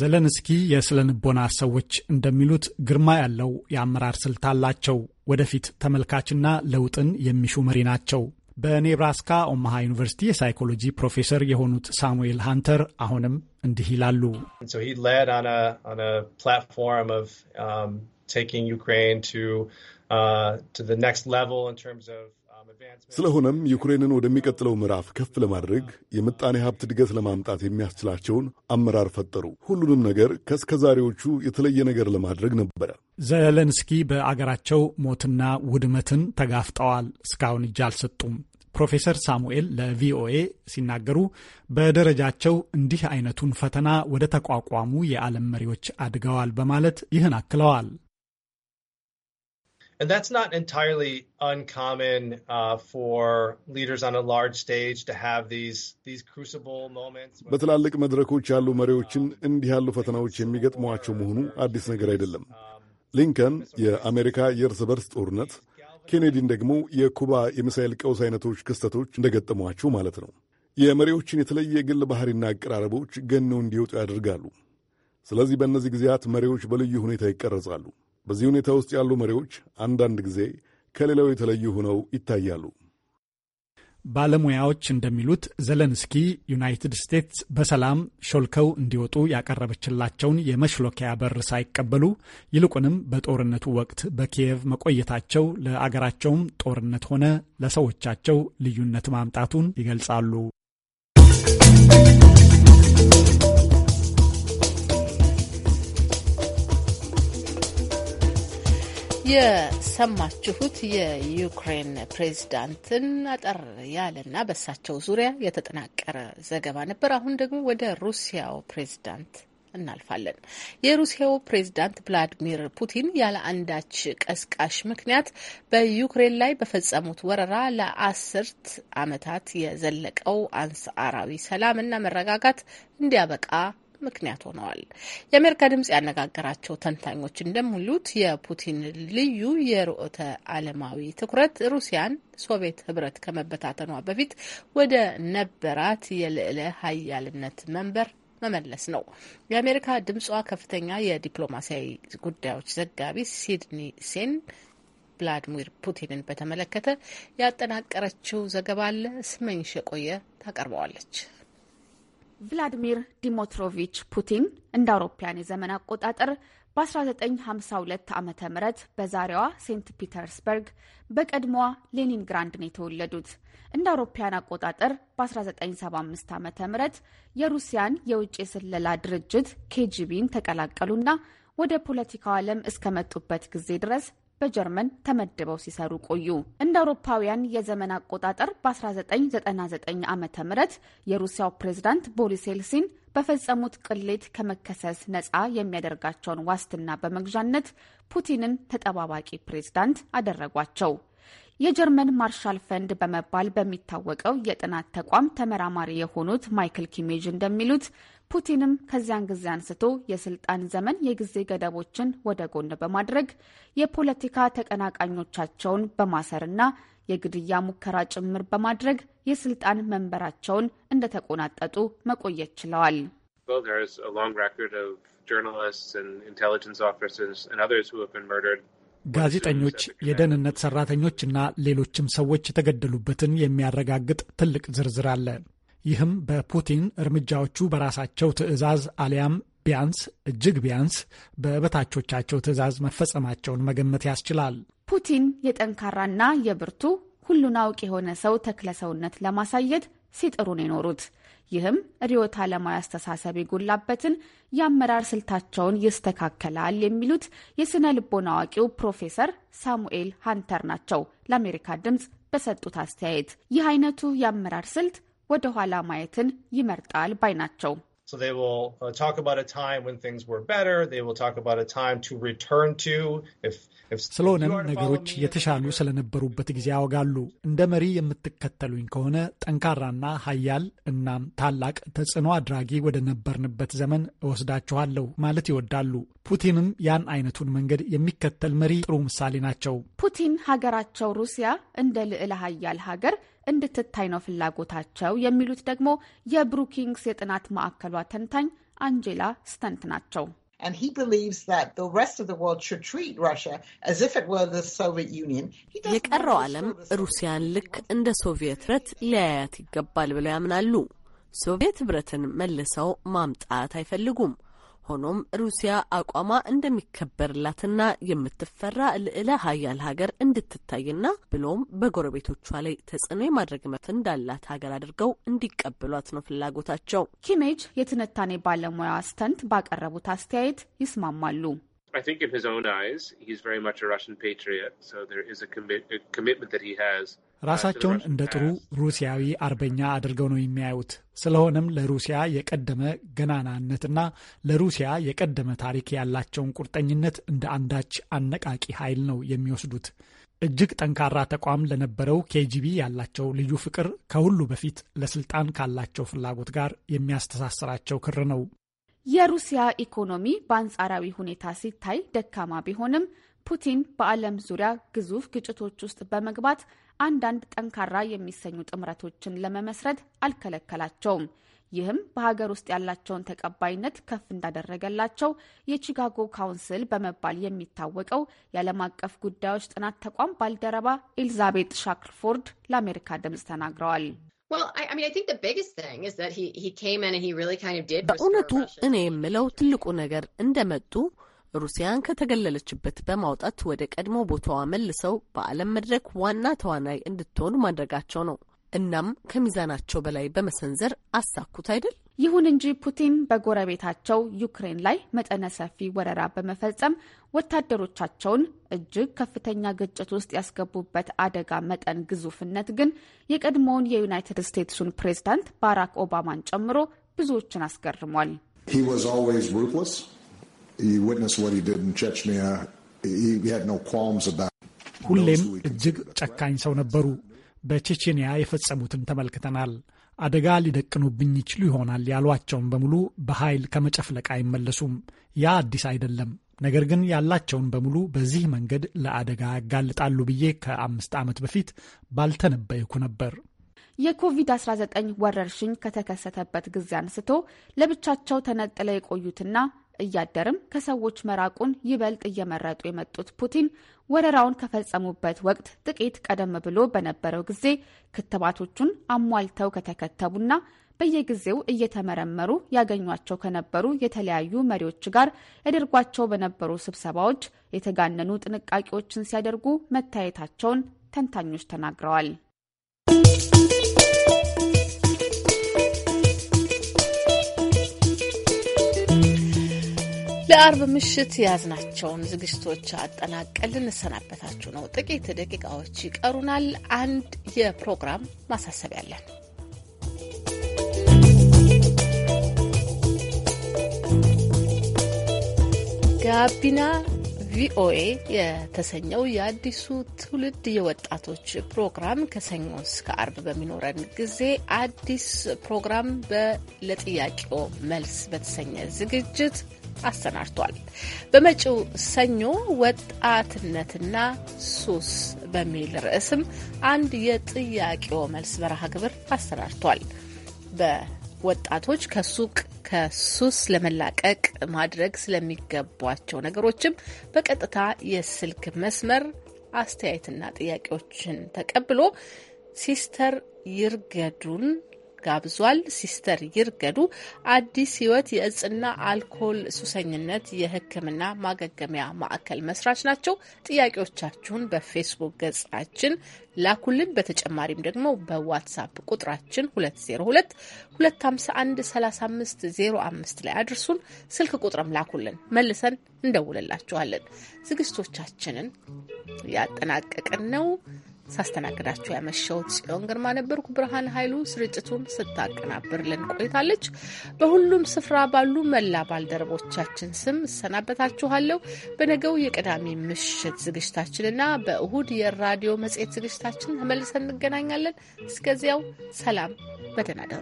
ዘለንስኪ የስነ ልቦና ሰዎች እንደሚሉት ግርማ ያለው የአመራር ስልት አላቸው። ወደፊት ተመልካችና ለውጥን የሚሹ መሪ ናቸው። በኔብራስካ ኦማሃ ዩኒቨርሲቲ የሳይኮሎጂ ፕሮፌሰር የሆኑት ሳሙኤል ሃንተር አሁንም እንዲህ ይላሉ። ስለሆነም ዩክሬንን ወደሚቀጥለው ምዕራፍ ከፍ ለማድረግ የምጣኔ ሀብት እድገት ለማምጣት የሚያስችላቸውን አመራር ፈጠሩ። ሁሉንም ነገር ከእስከዛሬዎቹ የተለየ ነገር ለማድረግ ነበረ። ዘለንስኪ በአገራቸው ሞትና ውድመትን ተጋፍጠዋል፣ እስካሁን እጅ አልሰጡም። ፕሮፌሰር ሳሙኤል ለቪኦኤ ሲናገሩ በደረጃቸው እንዲህ አይነቱን ፈተና ወደ ተቋቋሙ የዓለም መሪዎች አድገዋል በማለት ይህን አክለዋል። And that's not entirely uncommon uh, for leaders on a large stage to have these, these crucible moments. በትላልቅ መድረኮች ያሉ መሪዎችን እንዲህ ያሉ ፈተናዎች የሚገጥሟቸው መሆኑ አዲስ ነገር አይደለም። ሊንከን የአሜሪካ የእርስ በርስ ጦርነት፣ ኬኔዲን ደግሞ የኩባ የሚሳኤል ቀውስ አይነቶች ክስተቶች እንደገጠሟችሁ ማለት ነው። የመሪዎችን የተለየ ግል ባህሪና አቀራረቦች ገነው እንዲወጡ ያደርጋሉ። ስለዚህ በእነዚህ ጊዜያት መሪዎች በልዩ ሁኔታ ይቀረጻሉ። በዚህ ሁኔታ ውስጥ ያሉ መሪዎች አንዳንድ ጊዜ ከሌላው የተለዩ ሆነው ይታያሉ። ባለሙያዎች እንደሚሉት ዘለንስኪ ዩናይትድ ስቴትስ በሰላም ሾልከው እንዲወጡ ያቀረበችላቸውን የመሽሎኪያ በር ሳይቀበሉ ይልቁንም በጦርነቱ ወቅት በኪየቭ መቆየታቸው ለአገራቸውም ጦርነት ሆነ ለሰዎቻቸው ልዩነት ማምጣቱን ይገልጻሉ። የሰማችሁት የዩክሬን ፕሬዝዳንትን አጠር ያለና በሳቸው ዙሪያ የተጠናቀረ ዘገባ ነበር። አሁን ደግሞ ወደ ሩሲያው ፕሬዝዳንት እናልፋለን። የሩሲያው ፕሬዝዳንት ቭላዲሚር ፑቲን ያለ አንዳች ቀስቃሽ ምክንያት በዩክሬን ላይ በፈጸሙት ወረራ ለአስርት ዓመታት የዘለቀው አንጻራዊ ሰላምና መረጋጋት እንዲያበቃ ምክንያት ሆነዋል። የአሜሪካ ድምጽ ያነጋገራቸው ተንታኞች እንደሚሉት የፑቲን ልዩ የርዕዮተ ዓለማዊ ትኩረት ሩሲያን ሶቪየት ህብረት ከመበታተኗ በፊት ወደ ነበራት የልዕለ ሀያልነት መንበር መመለስ ነው። የአሜሪካ ድምጿ ከፍተኛ የዲፕሎማሲያዊ ጉዳዮች ዘጋቢ ሲድኒ ሴን ቭላድሚር ፑቲንን በተመለከተ ያጠናቀረችው ዘገባ አለ። ስመኝሽ የቆየ ታቀርበዋለች። ቭላዲሚር ዲሞትሮቪች ፑቲን እንደ አውሮፓያን የዘመን አቆጣጠር በ1952 ዓ ም በዛሬዋ ሴንት ፒተርስበርግ በቀድሞዋ ሌኒንግራንድ ነው የተወለዱት። እንደ አውሮፓያን አቆጣጠር በ1975 ዓ ም የሩሲያን የውጭ የስለላ ድርጅት ኬጂቢን ተቀላቀሉና ወደ ፖለቲካው ዓለም እስከመጡበት ጊዜ ድረስ በጀርመን ተመድበው ሲሰሩ ቆዩ። እንደ አውሮፓውያን የዘመን አቆጣጠር በ1999 ዓ ም የሩሲያው ፕሬዝዳንት ቦሪስ ኤልሲን በፈጸሙት ቅሌት ከመከሰስ ነጻ የሚያደርጋቸውን ዋስትና በመግዣነት ፑቲንን ተጠባባቂ ፕሬዝዳንት አደረጓቸው። የጀርመን ማርሻል ፈንድ በመባል በሚታወቀው የጥናት ተቋም ተመራማሪ የሆኑት ማይክል ኪሜጅ እንደሚሉት ፑቲንም ከዚያን ጊዜ አንስቶ የስልጣን ዘመን የጊዜ ገደቦችን ወደ ጎን በማድረግ የፖለቲካ ተቀናቃኞቻቸውን በማሰርና የግድያ ሙከራ ጭምር በማድረግ የስልጣን መንበራቸውን እንደተቆናጠጡ መቆየት ችለዋል። ጋዜጠኞች፣ የደህንነት ሰራተኞች እና ሌሎችም ሰዎች የተገደሉበትን የሚያረጋግጥ ትልቅ ዝርዝር አለ። ይህም በፑቲን እርምጃዎቹ በራሳቸው ትዕዛዝ አሊያም ቢያንስ እጅግ ቢያንስ በበታቾቻቸው ትዕዛዝ መፈጸማቸውን መገመት ያስችላል። ፑቲን የጠንካራና የብርቱ ሁሉን አውቅ የሆነ ሰው ተክለ ሰውነት ለማሳየት ሲጥሩን የኖሩት ይህም ርዕዮተ ዓለማዊ አስተሳሰብ የጎላበትን የአመራር ስልታቸውን ይስተካከላል የሚሉት የሥነ ልቦና አዋቂው ፕሮፌሰር ሳሙኤል ሃንተር ናቸው። ለአሜሪካ ድምፅ በሰጡት አስተያየት ይህ አይነቱ የአመራር ስልት ወደ ኋላ ማየትን ይመርጣል ባይ ናቸው። So they will uh, talk about a time when things were better. They will talk about a time to return to. ስለሆነም ነገሮች የተሻሉ ስለነበሩበት ጊዜ ያወጋሉ። እንደ መሪ የምትከተሉኝ ከሆነ ጠንካራና ኃያል እናም ታላቅ ተጽዕኖ አድራጊ ወደ ነበርንበት ዘመን እወስዳችኋለሁ ማለት ይወዳሉ። ፑቲንም ያን አይነቱን መንገድ የሚከተል መሪ ጥሩ ምሳሌ ናቸው። ፑቲን ሀገራቸው ሩሲያ እንደ ልዕለ ኃያል ሀገር እንድትታይ ነው ፍላጎታቸው የሚሉት ደግሞ የብሩኪንግስ የጥናት ማዕከሏ ተንታኝ አንጄላ ስተንት ናቸው። And he believes that the rest of the world should treat Russia as if it were the Soviet Union. የቀረው ዓለም ሩሲያን ልክ እንደ ሶቪየት ህብረት ሊያያት ይገባል ብለው ያምናሉ። ሶቪየት ህብረትን መልሰው ማምጣት አይፈልጉም። ሆኖም ሩሲያ አቋሟ እንደሚከበርላትና የምትፈራ ልዕለ ሀያል ሀገር እንድትታይና ብሎም በጎረቤቶቿ ላይ ተጽዕኖ የማድረግ መብት እንዳላት ሀገር አድርገው እንዲቀበሏት ነው ፍላጎታቸው። ኪሜጅ የትንታኔ ባለሙያ ስተንት ባቀረቡት አስተያየት ይስማማሉ። I think in his own eyes, he's very much a Russian patriot, so there is a, commi a commitment that he has ራሳቸውን እንደ ጥሩ ሩሲያዊ አርበኛ አድርገው ነው የሚያዩት። ስለሆነም ለሩሲያ የቀደመ ገናናነትና ለሩሲያ የቀደመ ታሪክ ያላቸውን ቁርጠኝነት እንደ አንዳች አነቃቂ ኃይል ነው የሚወስዱት። እጅግ ጠንካራ ተቋም ለነበረው ኬጂቢ ያላቸው ልዩ ፍቅር ከሁሉ በፊት ለስልጣን ካላቸው ፍላጎት ጋር የሚያስተሳስራቸው ክር ነው። የሩሲያ ኢኮኖሚ በአንጻራዊ ሁኔታ ሲታይ ደካማ ቢሆንም ፑቲን በዓለም ዙሪያ ግዙፍ ግጭቶች ውስጥ በመግባት አንዳንድ ጠንካራ የሚሰኙ ጥምረቶችን ለመመስረት አልከለከላቸውም። ይህም በሀገር ውስጥ ያላቸውን ተቀባይነት ከፍ እንዳደረገላቸው የቺካጎ ካውንስል በመባል የሚታወቀው የዓለም አቀፍ ጉዳዮች ጥናት ተቋም ባልደረባ ኤልዛቤት ሻክልፎርድ ለአሜሪካ ድምጽ ተናግረዋል። በእውነቱ እኔ የምለው ትልቁ ነገር እንደመጡ ሩሲያን ከተገለለችበት በማውጣት ወደ ቀድሞ ቦታዋ መልሰው በዓለም መድረክ ዋና ተዋናይ እንድትሆን ማድረጋቸው ነው። እናም ከሚዛናቸው በላይ በመሰንዘር አሳኩት አይደል? ይሁን እንጂ ፑቲን በጎረቤታቸው ዩክሬን ላይ መጠነ ሰፊ ወረራ በመፈጸም ወታደሮቻቸውን እጅግ ከፍተኛ ግጭት ውስጥ ያስገቡበት አደጋ መጠን ግዙፍነት ግን የቀድሞውን የዩናይትድ ስቴትሱን ፕሬዝዳንት ባራክ ኦባማን ጨምሮ ብዙዎችን አስገርሟል። you witness what he did in Chechnya. He had no qualms about it. ሁሌም እጅግ ጨካኝ ሰው ነበሩ። በቼቼንያ የፈጸሙትን ተመልክተናል። አደጋ ሊደቅኑብኝ ይችሉ ይሆናል ያሏቸውን በሙሉ በኃይል ከመጨፍለቅ አይመለሱም። ያ አዲስ አይደለም። ነገር ግን ያላቸውን በሙሉ በዚህ መንገድ ለአደጋ ያጋልጣሉ ብዬ ከአምስት ዓመት በፊት ባልተነበይኩ ነበር። የኮቪድ-19 ወረርሽኝ ከተከሰተበት ጊዜ አንስቶ ለብቻቸው ተነጥለው የቆዩትና እያደርም ከሰዎች መራቁን ይበልጥ እየመረጡ የመጡት ፑቲን ወረራውን ከፈጸሙበት ወቅት ጥቂት ቀደም ብሎ በነበረው ጊዜ ክትባቶቹን አሟልተው ከተከተቡና በየጊዜው እየተመረመሩ ያገኟቸው ከነበሩ የተለያዩ መሪዎች ጋር ያደርጓቸው በነበሩ ስብሰባዎች የተጋነኑ ጥንቃቄዎችን ሲያደርጉ መታየታቸውን ተንታኞች ተናግረዋል። ለአርብ ምሽት የያዝናቸውን ዝግጅቶች አጠናቀል እንሰናበታችሁ ነው። ጥቂት ደቂቃዎች ይቀሩናል። አንድ የፕሮግራም ማሳሰቢያ አለን። ጋቢና ቪኦኤ የተሰኘው የአዲሱ ትውልድ የወጣቶች ፕሮግራም ከሰኞ እስከ አርብ በሚኖረን ጊዜ አዲስ ፕሮግራም ለጥያቄው መልስ በተሰኘ ዝግጅት አሰናድቷል። በመጪው ሰኞ ወጣትነትና ሱስ በሚል ርዕስም አንድ የጥያቄው መልስ በረሃ ግብር አሰናድቷል። በወጣቶች ከሱቅ ከሱስ ለመላቀቅ ማድረግ ስለሚገቧቸው ነገሮችም በቀጥታ የስልክ መስመር አስተያየትና ጥያቄዎችን ተቀብሎ ሲስተር ይርገዱን ጋብዟል። ሲስተር ይርገዱ አዲስ ህይወት የእጽና አልኮል ሱሰኝነት የህክምና ማገገሚያ ማዕከል መስራች ናቸው። ጥያቄዎቻችሁን በፌስቡክ ገጻችን ላኩልን። በተጨማሪም ደግሞ በዋትሳፕ ቁጥራችን 202 251 3505 ላይ አድርሱን። ስልክ ቁጥርም ላኩልን፣ መልሰን እንደውልላችኋለን። ዝግጅቶቻችንን ያጠናቀቅን ነው። ሳስተናግዳችሁ ያመሸሁት ጽዮን ግርማ ነበርኩ። ብርሃን ኃይሉ ስርጭቱን ስታቀናብርልን ቆይታለች። በሁሉም ስፍራ ባሉ መላ ባልደረቦቻችን ስም እሰናበታችኋለሁ። በነገው የቅዳሜ ምሽት ዝግጅታችንና በእሁድ የራዲዮ መጽሔት ዝግጅታችን ተመልሰን እንገናኛለን። እስከዚያው ሰላም፣ በደህና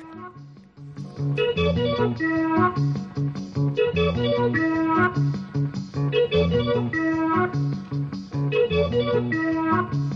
Thank you.